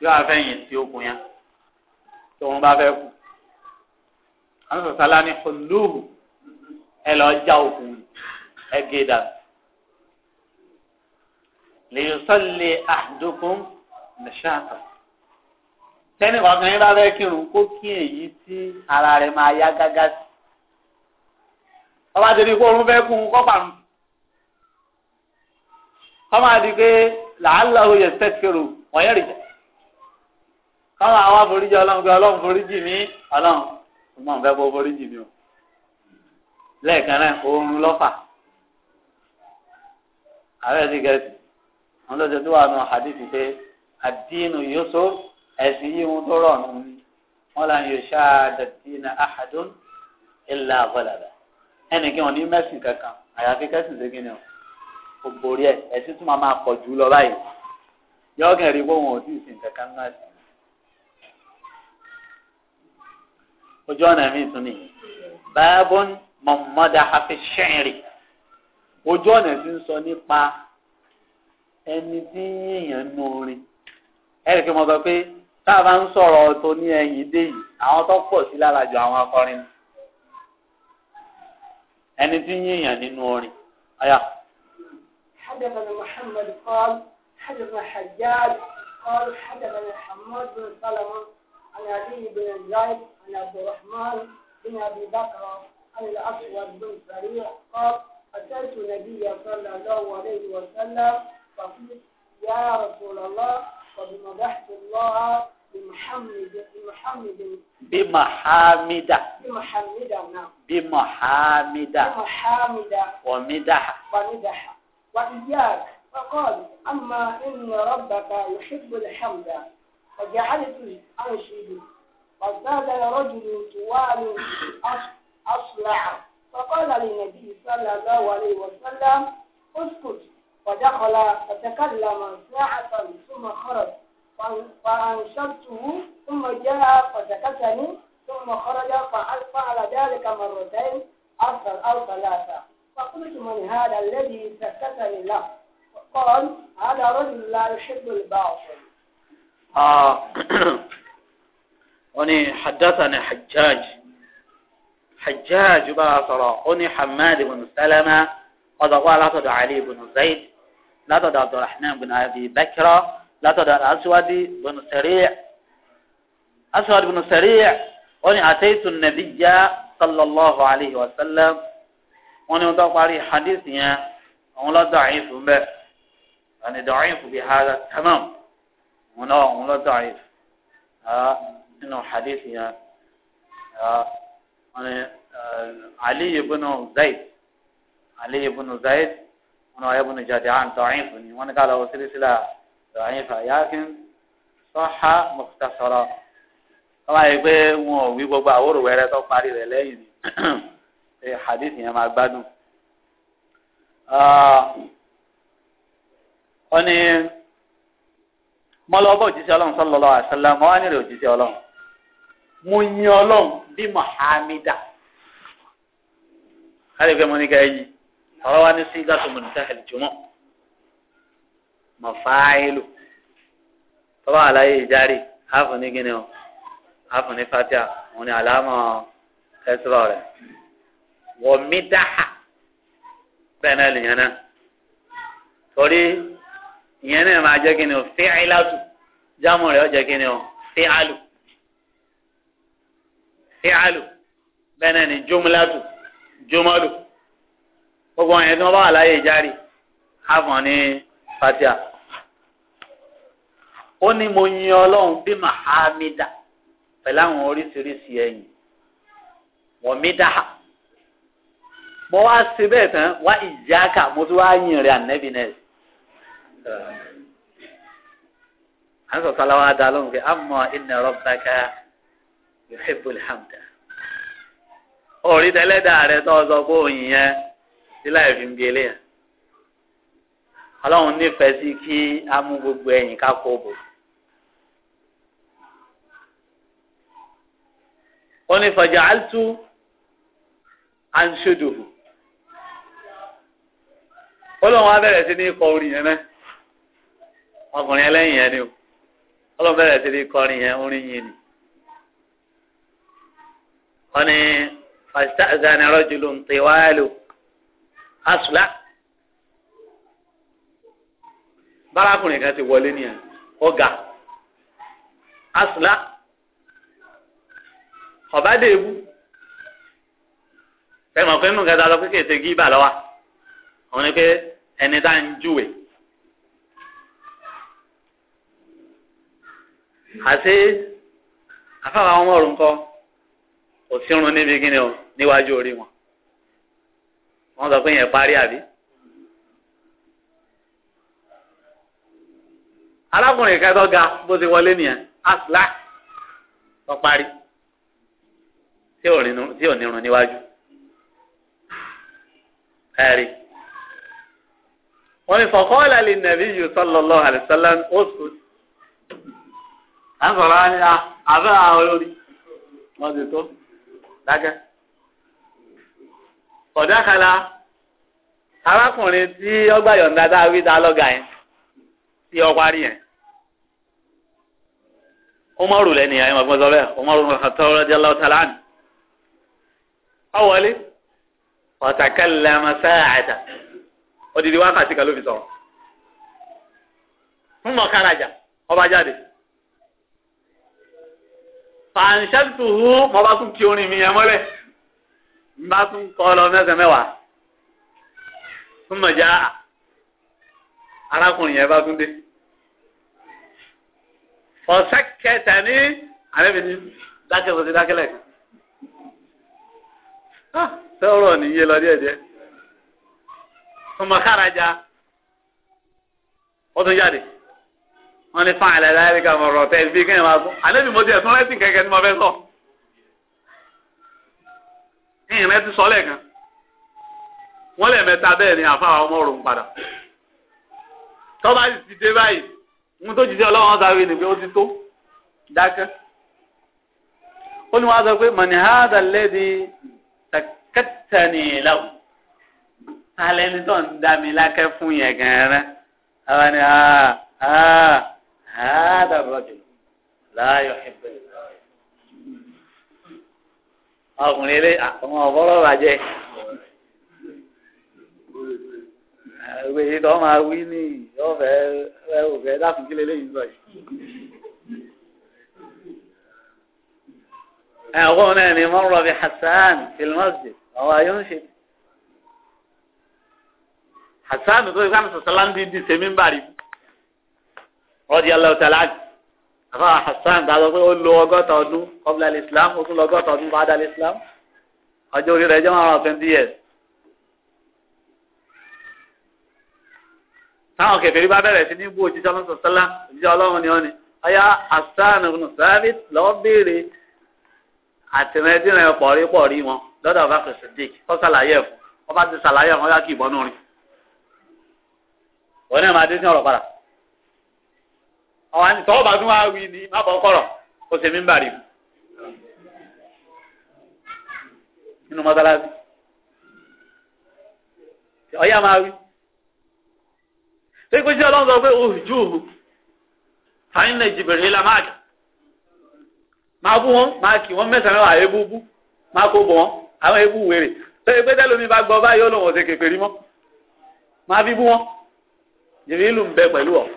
yóò afẹ́yìn tí ó kun yẹn tó wọn bá fẹ́ kú. àwọn sọ̀sálá ní olóògùn ẹ lọ já òkun ẹ gé dà. lè sọ́lé àdókòó nìṣàtà. tẹ́nì kọ̀ọ̀kan yín bá fẹ́ kírun kó kí èyí tí ara rẹ̀ máa yá gágá sí. ọba tẹ̀lé kó fẹ́ kún kọ́ pàrọ̀. kọ́ di pé làálàá ó sẹ́kẹ̀rù wọ́n yẹ̀rì jẹ́ káwọn àwọn àforíjì ọlọ́run pé ọlọ́run foríjì mí ọlọ́run ọmọ nǹkan kó foríjì mí o lẹ́ẹ̀kan náà oorun lọ́fà ààrẹ ti gẹ̀ẹ́sì wọn lọ́jọ́ tó wà nù àdìsí pé àdínù yóò so ẹ̀sìn yìí wọn tó rọ̀ nù ní wọn là ń yọ ṣáàdàdínà àhàdùn ìlà àbọ̀dàdà ẹnì kí wọn ní mẹ́sìn kankan àyàfi kẹ́sìn ṣe kí ni o kò borí ẹ̀ ẹ̀sìn tún máa máa pọ̀ jù lọ báyìí yọ̀ọ́kẹ́ ojú ọ̀nà mi tún nìyí báàbọ̀n mọ̀mọ́dà hafi ṣẹ́ẹ̀rì ojú ọ̀nà ti ń sọ nípa ẹni tí yíyan nù orin ẹ̀rì kí mo sọ pé tá a bá ń sọ̀rọ̀ tó ní ẹ̀yìn dé yìí àwọn tó pọ̀ sí lára ju àwọn akọrin ẹni tí yíyan nínú orin حدثنا محمد قال حدثنا حجاج قال حدثنا حماد بن سلمه عن علي بن زيد عن عبد الرحمن بن أبي بكر عن الأسود بن سريع قال أتيت النبي صلى الله عليه وسلم فقلت يا رسول الله قد مدحت الله بمحمد بمحمد بمحامدة بمحمدة نعم بمحامدة بمحامدة ومدح ومدح وإياك فقال أما إن ربك يحب الحمد فجعلت أنشد وازداد رجل طوال أصلع فقال للنبي صلى الله عليه وسلم اسكت فدخل فتكلم ساعة ثم خرج فأنشدته ثم جاء فسكتني ثم خرج فعل ذلك مرتين أو ثلاثة فقلت من هذا الذي سكتني له قال هذا رجل لا يحب الباطل وني حدثنا حجاج حجاج بقى صراحة وني حماد بن سلمة قد قال لا علي بن زيد لا تدع عبد الرحمن بن أبي بكر لا تدع الأسود بن سريع أسود بن سريع وني أتيت النبي صلى الله عليه وسلم وني وضع عليه حديث يا ولا ضعيف به يعني ضعيف بهذا تمام òun náà òun lọ dọ̀rẹ́ nínú hadith yẹn wọn ni ali ibùnú zayd ali ibùnú zayd wọn náà ibùnú jáde à ń dọ̀rẹ́ fún ni wọn eh, ni ká lọ sí sílá dọ̀rẹ́ fà yákin sọ́ha mọ̀tàsọ̀rọ̀ wọ́n máa yẹ pé wọn ò wí gbogbo àwòrò wẹ́rẹ́ tó parí rẹ̀ lẹ́yìn ni hadith yẹn máa gbádùn. wọ́n ní mo lọ bá òjíṣẹ́ ọlọ́run sallallahu alaihi wasallam mo wá nílò òjíṣẹ́ ọlọ́run mo yin ọlọ́run bí mohamida káyọ̀ pé mo ní ká yí ọ̀rọ̀ wa ní sí gàtò mo ní ká hẹ̀lì jùmọ̀ mo fà á ìlú tọ́ba àlàyé ìjárì áàfù ní gíní o áàfù ní fatia òun ni àlámọ̀ ẹ̀sìrọ̀ rẹ̀ wọ́n mi dáhà bẹ́ẹ̀ náà náà torí. ìyẹn náà máa jẹ́ kí ni o fíìlátù jámù rẹ̀ ó jẹ́ kí o fíìlù fíìlù bẹ́ẹ̀ náà ni jùmùlátù jùmọ́lù gbogbo àwọn yẹn tí wọ́n bá wà láyé ìjárì àfọ̀n ní fatia ó ní mo yin ọlọ́run bí mahamida pẹ̀lú àwọn oríṣiríṣi ẹ̀yìn wọ́n mo wá ṣe bẹ́ẹ̀ tán wá ìjáka mo tún wá yin rẹ̀ ànẹ́bí àwọn sọ̀tọ̀ aláwọ̀ adá lóhùn pé àmọ́ iná rọ́bàkà yòókù hàmdà orí tẹ́lẹ́dà rẹ tó sọ pé òyìn yẹn síláì fi ń bi eléyà ọlọ́run nífẹ̀ẹ́ sí kí á mú gbogbo ọkùnrin ẹlẹ́yìn yẹn ni o ọlọ́run bẹ̀rẹ̀ sí ní kọrin yẹn orin yìí ni. wọ́n ní fàṣítà ìzáni rọ́jùlù ń tè wáyà lò asùlá. bárakùnrin kan ti wọlé nìyẹn ọ̀gá asùlá ọ̀bádẹ́ẹ̀bù fẹ́ràn pé nù kẹta lọ pé kèsè gíbà lọ́wọ́ àwọn ni pé ẹni tá à ń júwèé. àti afáwọn ọmọ ọrùn kọ kò sí irun níbi gíní o níwájú orí wọn wọn sọ pé yẹn parí àbí. arákùnrin kẹtọ ga bó ti wọlé nìyẹn asla tó parí tí ò ní irun níwájú ẹ̀rí. wọ́n ní fọ̀kọ́ ọ̀là lè nàbí yìí sallallahu alaihi wasallam ó sùn. à ń sọ̀rọ̀ àní àfẹ́ dákẹ́. ọ̀dàkàlà arákùnrin tí ọgbà yọ̀ǹda tá a lọ́gà yẹn tí ọ parí yẹn. bẹ́ẹ̀ wákàtí kan ló fi sọ̀rọ̀. fún mọ̀kárajà ọba jáde. fàǹṣẹ́tùhù mo bá tún kí orin mi yẹn mọ́lẹ̀ n bá tún kọ́ lọ mẹ́sàn mẹ́wàá fún mọ̀já arákùnrin yẹn bá tún dé. ọ̀sẹ̀ kẹta ní àrẹ́bìnrin dákẹ́wò ti dákẹ́lẹ̀ kan. sọ̀rọ̀ nìyé lọ díẹ̀díẹ̀ fún mọ̀káraja ó tún jáde wọ́n ní fáwọn àlẹ́ láyé ká mọ̀rọ̀ tẹ́ bí kéèyàn máa sọ àlébi mo ti ẹ̀sùn rẹ́sìn kẹ̀kẹ́ tí mo fẹ́ sọ. ìyìn rẹ ti sọ lẹ́ẹ̀kan wọ́n lè mẹ́ta bẹ́ẹ̀ ni àfáwọn ọmọ òrùn padà. tọ́ba ti dé báyìí mo tó jìjẹ́ ọlọ́wọ́n sáré ni pé ó ti tó dákẹ́. ó ní wọ́n sọ pé mọ̀nì hádà lẹ́ẹ̀dì tẹ̀kẹ́tẹ̀ni ìlàwù. alẹ́ ní dá mi lákẹ́ fún yẹn gan-an. àwọn ni هذا الرجل لا يحب ọkùnrin ilé àwọn ọ̀bọ̀rọ̀ bàjẹ́ ìwé yìí tó máa wí ní ọ̀fẹ́ òfẹ́ dákun kí lélẹ́yìn sọ yìí. ẹ̀kọ́ náà ni mọ́rọ̀ bí Hassan filmọ́sì ọ̀wá yóò ń ṣe. Hassan tó ìgbà mi sọ̀tọ́ láńdí di sèmínbàrí rọ́dí aláwọ̀tàlá àfa hasan dàgbà pé ó lo ọgọ́ta ọdún kọ́bílà islam ó tún lo ọgọ́ta ọdún bàdà islam ọjọ́ orí rẹ̀ jẹ́ márùn-ún twenty years. táwọn kẹfẹ́rí bá bẹ̀rẹ̀ sí ní bú òjíṣẹ́ ọlọ́run sọ̀tẹ́lá òjíṣẹ́ ọlọ́run ni wọ́n ni ọyá hasan ibn sábit lọ́ọ́ béèrè àtìrẹ́dìrẹ́ pọ̀rí pọ̀rí wọn lọ́dọ̀ ọba kìsìdík kọ́ sàlàyé ẹ̀fọ́ ọba ti sàlàyé ẹ̀fọ́ yá kì ìbọnú rin. wọ́n ní ẹ̀ máa dé sí ọ̀rọ̀ padà ọ̀hún àti tọ́wọ́ bá tún wá wí ni má bọ́ kọ̀rọ̀ ó ṣe mí ń bàrí mu nínú mọ́sálásí ọ̀yá máa wí. pé kó sí ọlọ́run sọ pé ojú fàáyín náà jìbìrì ilà máàkì máa bú wọn máa kì wọn mẹ́sàn-án náà àyè búbú máa kó bọ̀ wọn àwọn ebú wèrè tó ẹgbẹ́ tẹ́lómi bá gbọ́ báyìí ó lòun ṣe kékeré mọ́ máa fi bú wọn jìbìrì ìlú ń bẹ pẹ̀lú ọ̀.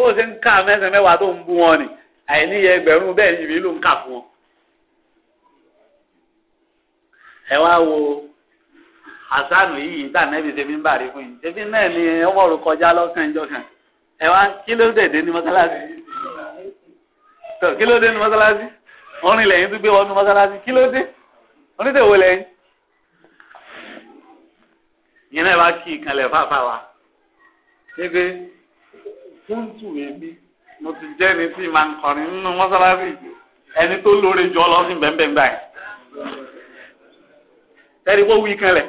bó o ṣe ń kà mẹ́sàn-án mẹ́wàá tó ń bú wọn ni àìníye ẹgbẹ̀rún bẹ́ẹ̀ ni ìbí ló ń kà fún wọn. ẹ wá wo àṣàánù yìí tá nẹ́bí ṣe fi ń bàrí fún yìí ṣebí náà ni ọmọ rò kọjá lọ́kàn ìjọ kan ẹ wá kí ló dé dé ní mọ́sálásí kí ló dé ní mọ́sálásí orin lẹ́yìn tó gbé wọnú mọ́sálásí kí ló dé onídèwò lẹ́yìn yẹn náà bá kí ìkànlẹ̀ fáfá wa ṣé pé kúntù èmi mo ti jẹ́ ẹni tí màá ń kọrin nínú mọ́sálásí ẹni tó lóore jọ lọ sí bẹ́ẹ̀ bẹ́ẹ̀ báyìí ẹni wọ́n wí kan lẹ̀.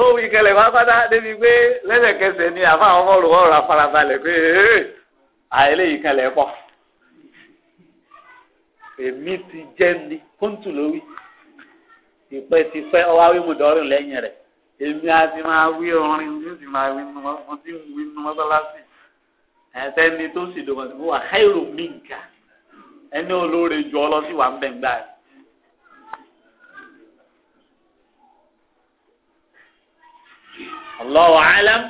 ó wí kan lẹ̀ pátápátá débi pé lẹ́sẹ̀kẹsẹ̀ ni àfa àwọn ọmọ olùkọ́ ọ̀rọ̀ afarabalẹ̀ pé àìlè yìí kan lẹ̀ èmi ti jẹ́ ni kóńtù ló tipẹ́tipẹ́ ọwá wí mùdọ́rùn lẹ́yìn rẹ̀ èmi àti máa wí orin ní sì máa wí nu wọn tí ń wí nu mọ́sálásì ẹ̀sẹ̀ni tó sì dòwọ́n sí wà khairu minka ẹni olóore jù ọ lọ sí wà ń bẹ̀ ń gbà rẹ̀. alam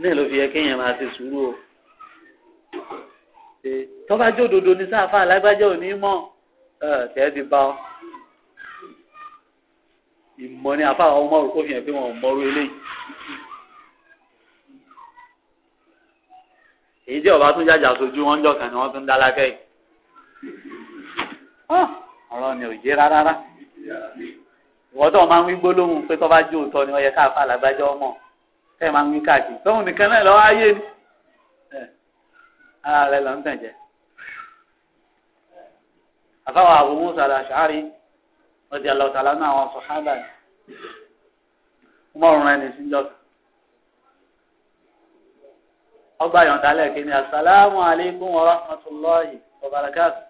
ní ló fi yẹ kéèyàn máa ṣe sùúrù o tọ́bajọ́ òdodo ní sáfà alágbájá ò ní mọ̀ ẹ̀ tẹ́ ti bá ọ ìmọ̀ ni àfa àwọn ọmọ òkú fi hàn pé wọn ò mọrú eléyìí. èyí tí ọba tún jàjà sojú wọn jọ kàn ni wọn tún dá lákẹ́ yìí. ọ̀rọ̀ ni ò yé rárá. ìwọ́n tó máa ń wí gbólóhùn pé tó bá òótọ́ ni wọ́n yẹ káàfà làgbájá ọmọ tẹ́ ẹ máa ń wí káàkiri tóun nìkan náà lọ́wọ́ ayé ni. ara rẹ̀ lọ ń tàn jẹ. àfáwọn àbò musa àṣàárí ọdí alọ́tàlá náà àwọn sọ̀hádà yìí mọ́rùn ẹni síjọ́ ọgbà yọ̀ǹda lẹ́ẹ̀kí ni asalaamu aleykum wa rahmatulahi wa barakatu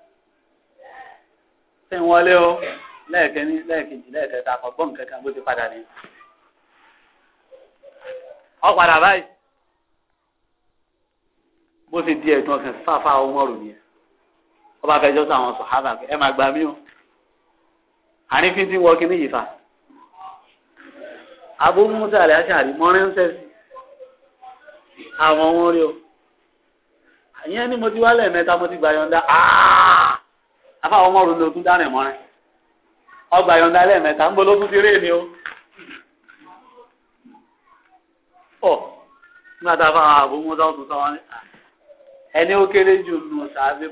ṣé ń wọlé o lẹ́ẹ̀kí ní lẹ́ẹ̀kejì lẹ́ẹ̀kẹta àkọ́gbọ́n kankan bó ti padà ní. ọ padà báyìí bó ti di ẹ̀dùn ọ̀sẹ̀ fáfá ọmọ rò nìyẹn ọba fẹjọ́ sọ àwọn sọ̀hádà ẹ máa gbà mí o àrífín ti wọ kíní yìí fa Abu Musa al-Ash'ari mọ́rẹ́nsẹ̀ sí àwọn ohun orí o ìyẹn ni mo ti wálẹ̀ mẹ́ta mo ti gbà yọ̀ǹda afáwọn ọmọ òrùn lókun dáná ìmọ̀rẹ́ ọgbà yọ̀ǹda lẹ́ẹ̀mẹ́ta ń bọ́ lókun ti rí èmi o ọ nígbà tá a fáwọn Abu Musa ọ̀tún sọ wọn ẹni ó kéré jù nù sàábì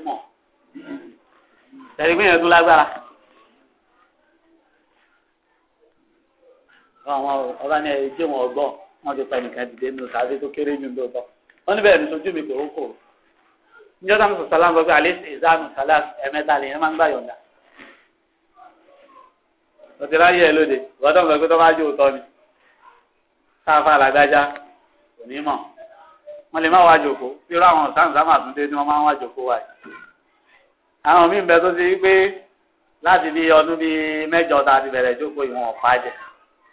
tẹ̀lé gbìyànjú lágbára. àwọn ọba ní ẹjẹ wọn ọgbọ́n wọn ti pa nìkan dìde nù tàbí tó kéré jù ló bọ wọn níbẹ̀ ní sojú mi kòrò kòrò níjọ́ táwọn sọ sàlám sọ pé àlẹ́ ìzánu sàlám ẹ̀mẹ́ta lèyìn máa ń gbà yọ̀ǹda òtí láyé ẹ lóde ìwádọ́ mi sọ pé tó bá jẹ́ òótọ́ ni sáfà làdájá onímọ̀ wọn lè má wá jòkó irú àwọn sàǹsàmà àtúndé ni wọn máa ń wá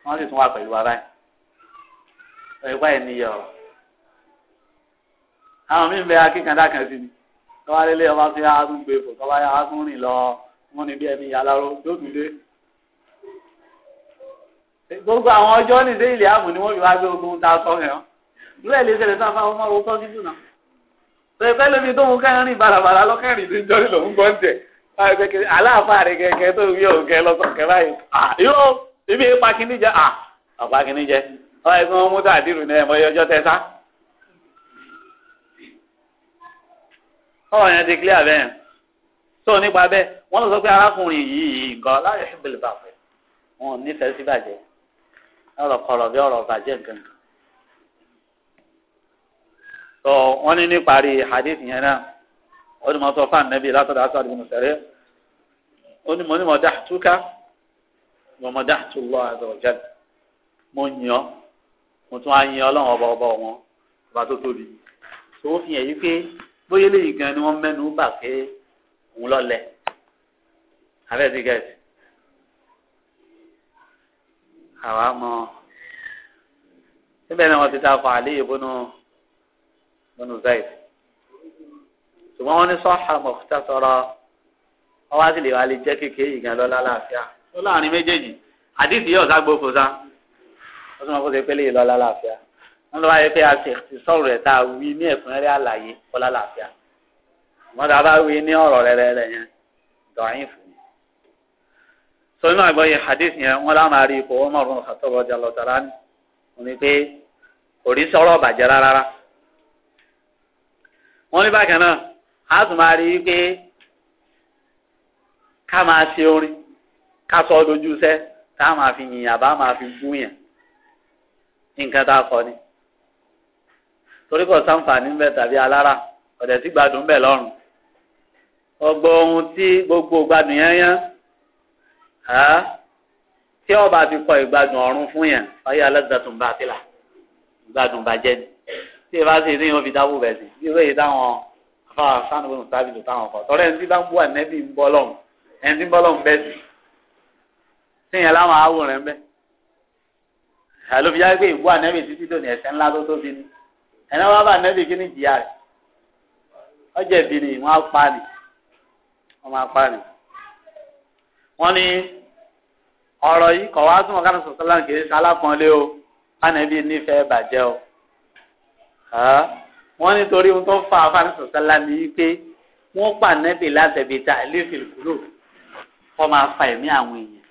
wọ́n sì tún wà pẹ̀lú wa báyìí ẹ̀kọ́ ẹ̀ níyà ọ̀rọ̀ àwọn míì bẹ akíkandá kan sí ni tọ́wá lélẹ̀ ọba fi aágún gbé fò tọ́wá yà ágún rìn lọ wọ́n ní bí ẹni ìyá aláró yóò tún dé. gbogbo àwọn ọjọ́ ní ilé ilé ààbò ni wọ́n fi wá gbé ogun ta sọ yẹn lóòrè lè ṣẹlẹ̀ sáfà wọn máa wo sọ sí dùnà. sọ lómi tó ń kẹ́rin bàràbàrà lọ́kẹ́rin tó ń jọ́rí lòún gbọ́ ń tẹ̀ aláàfáà rẹ̀ kẹ̀kẹ́ tó ń yọ̀ kẹ́ lọ́sọ̀kẹ́ ibi ipa kìíní jẹ à ọ̀pá kìíní jẹ ọ̀pá ẹ̀sìn wọn mú tàdírù ní ẹ̀mọ́ ọjọ́ tẹ́sà. ọ̀rọ̀ yẹn ti clear bẹ́ẹ̀ tó nípa bẹ́ẹ̀ wọ́n lọ sọ pé arákùnrin yìí gan láyé ìbílẹ̀ bàbá wọn ò nífẹ̀ẹ́ sí bàjẹ́ ọ̀rọ̀ kọ̀rọ̀ bí ọ̀rọ̀ bàjẹ́ nǹkan kan. tó ní níparí hadith yẹn náà ó ní mo sọ fún ànábì látọ̀dọ̀ aṣọ àdìgún sẹ́rẹ́ ó mo ní mo dá túká wa madahtu Allah azza wa jalla mo yàn ọ́ mo tún á yàn ọlọ́run ọba ọba wọn ọba tó tóbi tó ó fi hàn yí pé bóyá eléyìí gan ni wọ́n mẹ́nu bà pé òun lọ́lẹ̀ abẹ́ ti gẹ̀ẹ́sì àwa mọ síbẹ̀ náà wọ́n ti ta fọ àlẹ́ ìbónú bónú zaid ṣùgbọ́n wọ́n ní sọ́ọ̀hà mọ̀kútà sọ̀rọ̀ ọwọ́ àti lè wà lè jẹ́ kékeré yìí láàfíà tó láàrin méjèèjì àdìsí yóò sá gbófo sá wọ́n tún máa fọ́sẹ̀ pélé ìlú ọlálàáfíà wọ́n lọ́ wáyé pé a ti sọ̀rọ̀ ẹ̀ tá a wí ní ẹ̀kúnrẹ́rẹ́ àlàyé ọlálàáfíà wọ́n tá a bá wí ní ọ̀rọ̀ rẹ̀rẹ̀rẹ̀ yẹn dọ̀yìn fún mi. sọ inú àgbọ̀yé hadith yẹn wọ́n láwọn máa rí ipò wọ́n mọ̀rún àtọ́wọ́ ọjà lọ tàrà wọ́n ní pé kásọ dojú sẹ tá a máa fi yìnyín àbá máa fi gún yẹn nǹkan tá a kọ ni torí kò sáǹfààní ń bẹ tàbí alára ọ̀dẹ̀ tí gbádùn ń bẹ lọ́rùn ọgbọ ohun tí gbogbo gbádùn yẹn yẹn tí ọba ti kọ ìgbádùn ọ̀run fún yẹn ayé alẹ́dàtún bá ti là bàjẹ́ ni tí ìbá sì ní ìhòòfin dábò bẹ̀ sí bí wéyìí táwọn afáwọn sanu sábìlì táwọn kọ tọ́lẹ̀ ẹni tí bá ń bú ànẹ́bí ń bọ́ lọ́hùn ẹni tí ń bọ́ lọ́hùn bẹ́ẹ̀ sí tíyẹn láwọn àwòrán bẹ́ẹ̀ àlòfíà pé ìbú ànẹ́bì títí tó ní ẹ̀ṣẹ̀ ńlá tó tóbi ni ẹ̀nà wà bá ànẹ́bì kí ni jìyà rẹ̀ ọjẹ́ bí ni wọ́n á pa ni wọ́n máa pa ni. wọ́n ní ọ̀rọ̀ yìí kọ̀ wá súnmọ́ káàdùn sọ̀tọ́ láǹkì ní sálápọ̀nlé o ànẹ́bì nífẹ̀ẹ́ bàjẹ́ o. wọ́n ni torí ohun tó fa àfáàní sọ̀tọ́ láǹkì yìí pé wọ́n pa ànẹ́bì látẹ̀bí ta ìlú ìfìlùkúrò kọ́ máa fa ẹ̀mí àwọn èèyàn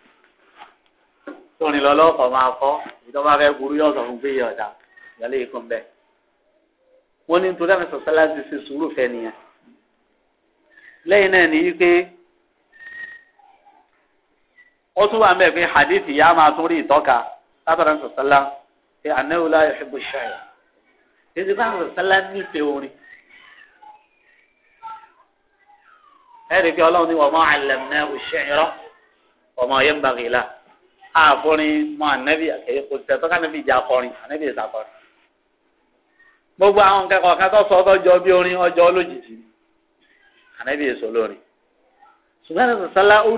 tó rìn lọ lọ́kọ̀ máa kọ́ ìjọba fẹ́ burú yọ̀ sọ̀rọ̀ gbé yọ̀ ọ̀dà ìyálé ikú ń bẹ̀. wọ́n ní nítorí àmì sọ̀sálà ti ṣe sùúrù fẹ́ nìyẹn. lẹ́yìn náà ní wípé ó tún wà ń bẹ̀ pé hadith ìyá máa tún rí ìtọ́ka látara àmì pé anáwòlá ìṣubú ṣáà èsì bá àmì nífẹ̀ẹ́ orin. ẹ̀rí ọlọ́run ní wọ́n máa àlẹ́ mẹ́ òṣèré wọ́n máa yẹ́ ń bàgìlá. àkọrin mọ ànẹ́bí òṣìṣẹ́ tó kànẹ́bí ìjà akọrin ànẹ́bí ìjà akọrin. gbogbo àwọn kẹ́kọ̀ọ́ kan tó sọ ọtọ́jọ́ bí orin ọjọ́ lójijì ànẹ́bí èso lórin. ṣùgbọ́n ẹ̀sán sálá ó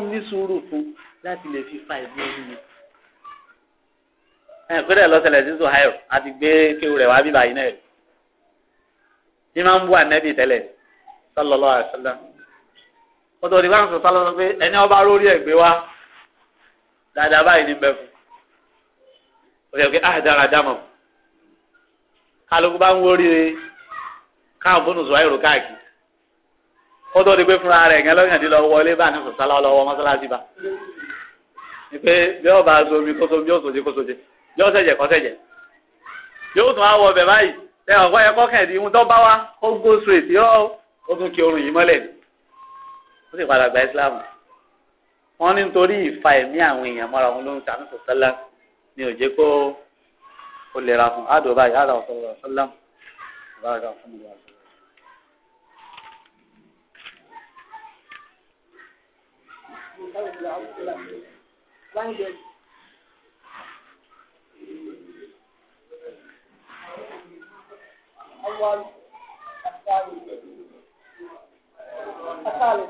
fún láti lè fi fa ìmú orí mi. ẹ̀ pẹ́rẹ́ lọ́sẹ̀lẹ̀ sí sùháìrò àti gbé kéwù rẹ̀ wá bíbá yìí náà rí. máa ń tẹ́lẹ̀ dáadáa báyìí ní bẹ fún o yẹ kí á dára dá mọ kálukú bá ń wórí káwọn bónú zọ àìrò káàkiri ó tó di pé fúnra rẹ̀ yẹn lọ́yàn dín lọ wọlé bá ní sọ̀sálà lọ́wọ́ mọ́sálásí bá ni pé bí ọba aṣọ omi kóso bí òsòjé kósoje yóò sẹ̀jẹ̀ kọ́sẹ̀jẹ̀ yóò tún á wọ ọbẹ̀ báyìí ẹ ọ̀gbọ́n yẹn kọ́kẹ́ndín ihun tó bá wa ó gbó straight yọ ó tún kí orun yìí mọ́lẹ̀ ni ó sì padà gba Islam wọ́n ní nítorí ìfa ẹ̀mí àwọn èèyàn mọ́ra wọn ló ń sàánú sọ sẹ́lá ni ò jẹ́ kó o lè ra fún àdó báyìí àdó sọ̀rọ̀ sẹ́lá báyìí fún mi. الثالث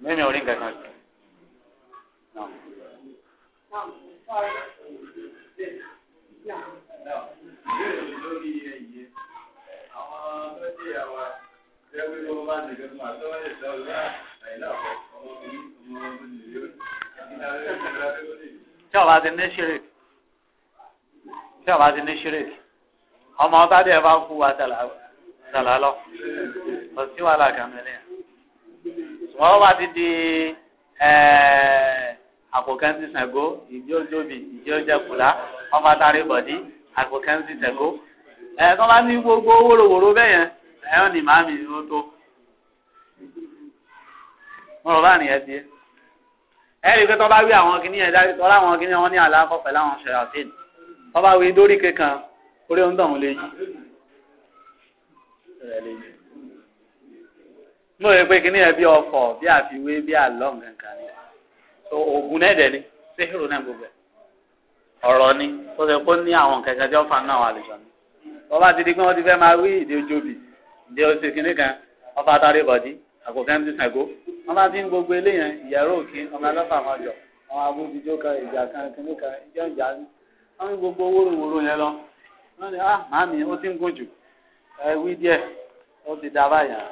mímí orí kankan sí. tí ti ní ṣírèkì ọmọ ọba dẹ̀ bá kú wa sàlá lọ kò sí wàhálà wọ́n wá ti di eh, àkókẹ́ńtì sẹ̀gó ìjọ́jọ́bì ìjọ́jẹ́kùlá ọmọ atari bọ̀dí àkókẹ́ńtì sẹ̀gó ẹ̀ eh, tó bá ní gbogbo wóróworó bẹ́yẹn ẹ̀yọ́ ni màámi ni ó tó mo rọ̀ bá nìyẹn ti ẹ̀ rí i pé tó bá wí àwọn kìnìyàn dárí tọ́lá àwọn kìnìyàn wọn ní àlàáfọ̀ pẹ̀lú àwọn ṣẹ̀yàtìn tó bá wí dórí kankan orí ohun tó lè yí mo rò pé kíní ẹ bí ọfọ bí àfiwé bí àlọ nǹkan ni so oògùn náà dẹ ni sehiro náà gbogbo ẹ ọ̀rọ̀ ni ó sọ pé ó ní àwọn kẹ̀kẹ́ tí ó fa náà wà lẹsọ ni wọn bá ti di pé wọn ti fẹ́ máa wí ìdí ojóbi ìdí oṣù kíní kan ọfọ atari bọdí àpò kẹmíntì sàgó wọn bá ti ń gbogbo eléyàn ìyàrá òkè ọmọ ẹlọfà máa àwọn abúdíjọ kan ìjà kan kíní kan ìjọ ìjà wọn ní gbogbo wóróworó yẹn lọ wọn ní ah,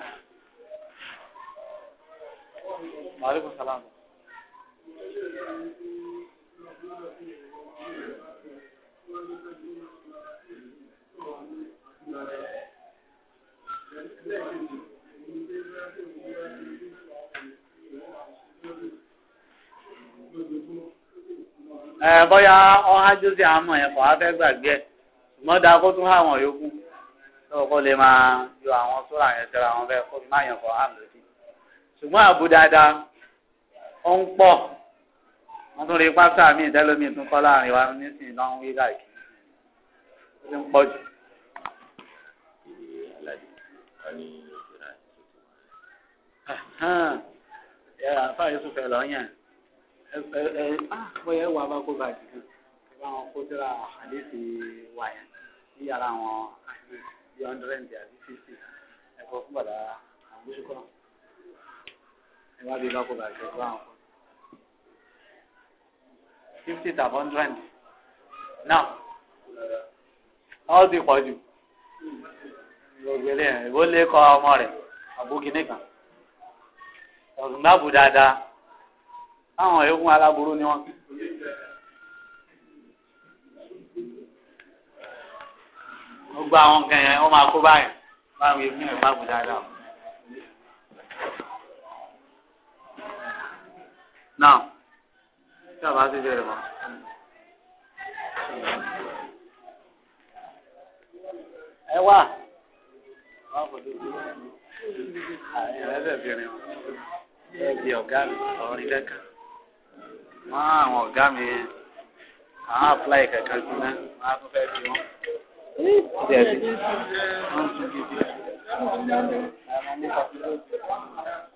Maaleykum salaam. ẹ bọ́yá ọ̀hán jósì àmọ̀ yẹn kò á fẹ́ gbàgbé ẹ̀ ṣùgbọ́n dáa kó tún há àwọn yòókù tó kó lè máa yọ àwọn sóra yẹn tẹ́ra wọn bẹ́ẹ̀ kó má yẹn kọ́ àmì lójú ṣùgbọ́n àbù dáadáa ó ń pọ̀ wọ́n tún rí pásítà mi ìtẹ́lómi tún kọ́ láàrin wa nísìnyí náà ń wí káàkiri ó ti ń pọ̀ jù. àfa yusuf ẹ lọ yàn ẹ ẹ ah, bóyá ẹ wà bá kó bàjẹ́ kan ẹ bá wọn kó síra àdéhùn wáyà ní yàrá wọn àti bí ọ̀ndẹ̀rẹ̀ǹdì àti fífi ẹ̀kọ́ fún bàdà àgbóṣùkọ́ ìwádìí lọ́kọ̀ bàjẹ́ fún àwọn kan. fifty to hundred now wọ́n ti pọ̀ jù gbogbo ẹ̀ ìwọ lè kọ́ ọmọ rẹ̀ àbókiní kan ọ̀sùn gbàbù dáadáa àwọn eégún aláboró ni wọ́n. gbogbo àwọn nǹkan yẹn wọ́n máa kó báyìí báwọn eégún ẹ̀ gbàbù dáadáa. náà tí a bá ti bẹ̀rẹ̀ mọ́. ẹ wá. ẹlẹ́bẹ̀bìnrin ẹ di ọ̀gá mi ọ̀rin lẹ́ka mọ́ àwọn ọ̀gá mi àwọn àpláì kankan sí náà máa tún fẹ́ bí wọ́n. Thank you.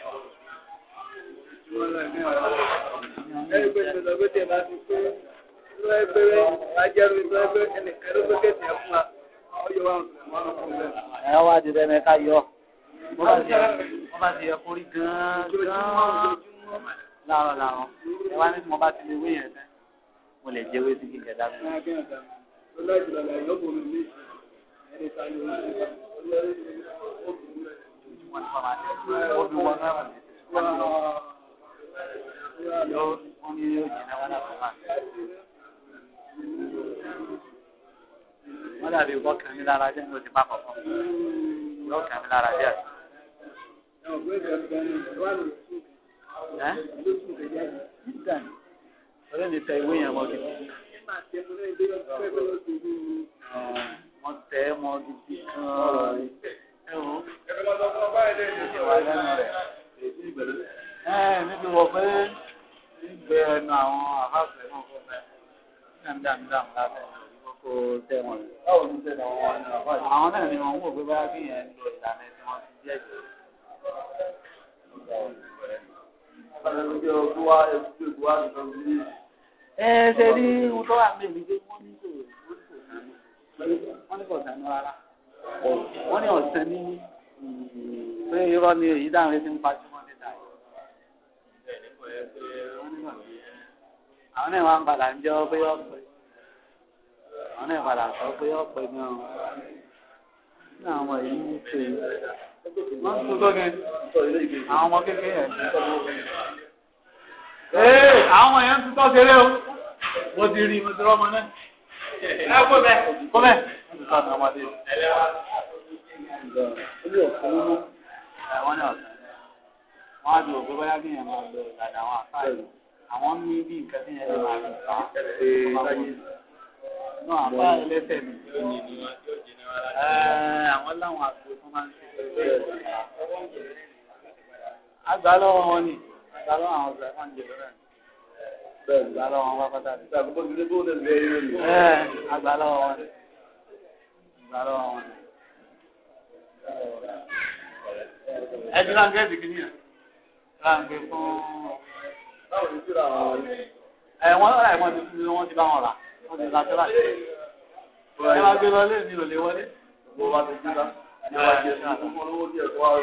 ẹ wá di bẹ́ẹ̀ ká yọ wọ́n bá ti yẹ kórí gan-an láàrọ̀ láàrọ̀ ẹ wá ní tí mo bá ti lè wé yẹn tẹ́ mo lè jẹ́wé sí kíkẹ́ dáná. Ọlọ́ọ̀dúnrún ọ̀la yọ̀bù mi ní ìṣẹ̀lẹ̀ ẹni tá a lè wọ́n ṣe wọ́n dàbí bọ́ọ̀kì mi lára jẹ́ ní oṣù pápọ̀ fún mi bọ́ọ̀kì mi lára jẹ́ ẹ̀. ọ̀rẹ́ mi tẹ ìwé yẹn mọ́ gidi. wọ́n tẹ ẹ́ mọ́ gidi kan ẹ níbi wọ pé gbé ẹnu àwọn àfáàfẹ́ náà fún mi náà ń dàmú dàmú lábẹ́ kó tẹ wọn. báwo ló tẹ àwọn ọmọ náà báyìí. àwọn náà ni wọn ń wò pé báyà bí yẹn ń lo ìlànà tí wọn ti jẹ jù. ọ̀sẹ̀ ló jẹ́ ogún wa ẹ̀kú ogún wa nìkan bí i. ẹ ṣe rí ohun tó wà mí èmi pé wọ́n ní kò wọ́n ní kò wọ́n ní ọ̀sẹ̀ ní pé irọ́ ni èyí dáhùn etí ń pa sí wọn àwọn náà ń jẹ́ ọ pé ọ̀pẹ àwọn ní àwọn èyí ń ṣe wọ́n tún lóge àwọn ọmọ kékeré ẹ̀ ee àwọn èèyàn tún tọ́ ṣeré o mo ti rí mo ti rọ́mọ náà ẹ kó bẹ kó bẹ. wọ́n ní ọ̀sán wọ́n á dùn òkú bóyá bí yẹn máa lọ ìlànà àwọn àfáàyè àwọn ní bí nǹkan tí yẹn lè máa lò fún un. náà àbá ẹlẹ́sẹ̀ mi. àwọn láwọn àgbo tó máa ń ṣe é. àgbà lọ́wọ́ wọn ni àgbà lọ́wọ́ àwọn ọ̀sẹ̀ fún ìjẹ̀lẹ́rẹ́ ni agbalawo wọn pátá ní sáà gbogbo ìdílé tó lè bẹ yín lónìí. agbalawo wọn ni agbalawo wọn ni. ẹ ti láǹgẹ́ ẹ̀sìn kìíní ẹ̀ láǹgẹ́ fún. báwo ni síra wọn. ẹ wọn lọ́la ẹ̀wọ̀n ti fún mi wọ́n ti bá wọn rà wọ́n ti ra tẹ́lá tẹ́lẹ̀. ẹ máa gbé lọ lé mi ò lè wọlé. gbogbo wa ti síra. ẹ máa gbé lọ lé mi ò lè wọlé.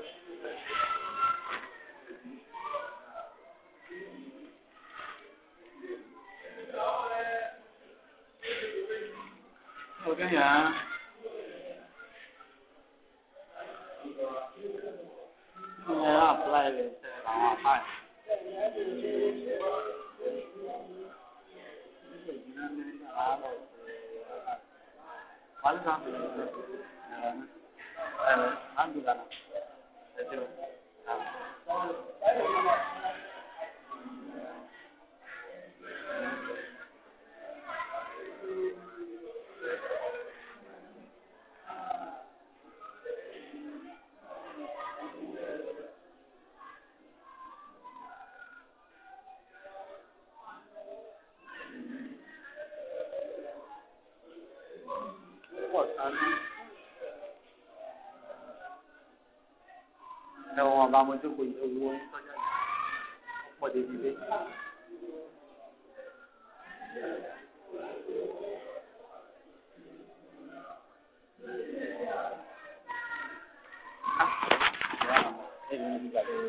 我跟人。今年啊，出来的在南华看。晚上就是，嗯，嗯，安住了，在这，啊。lásìkò yìí owó pọ̀ débi dé. Ah, yeah,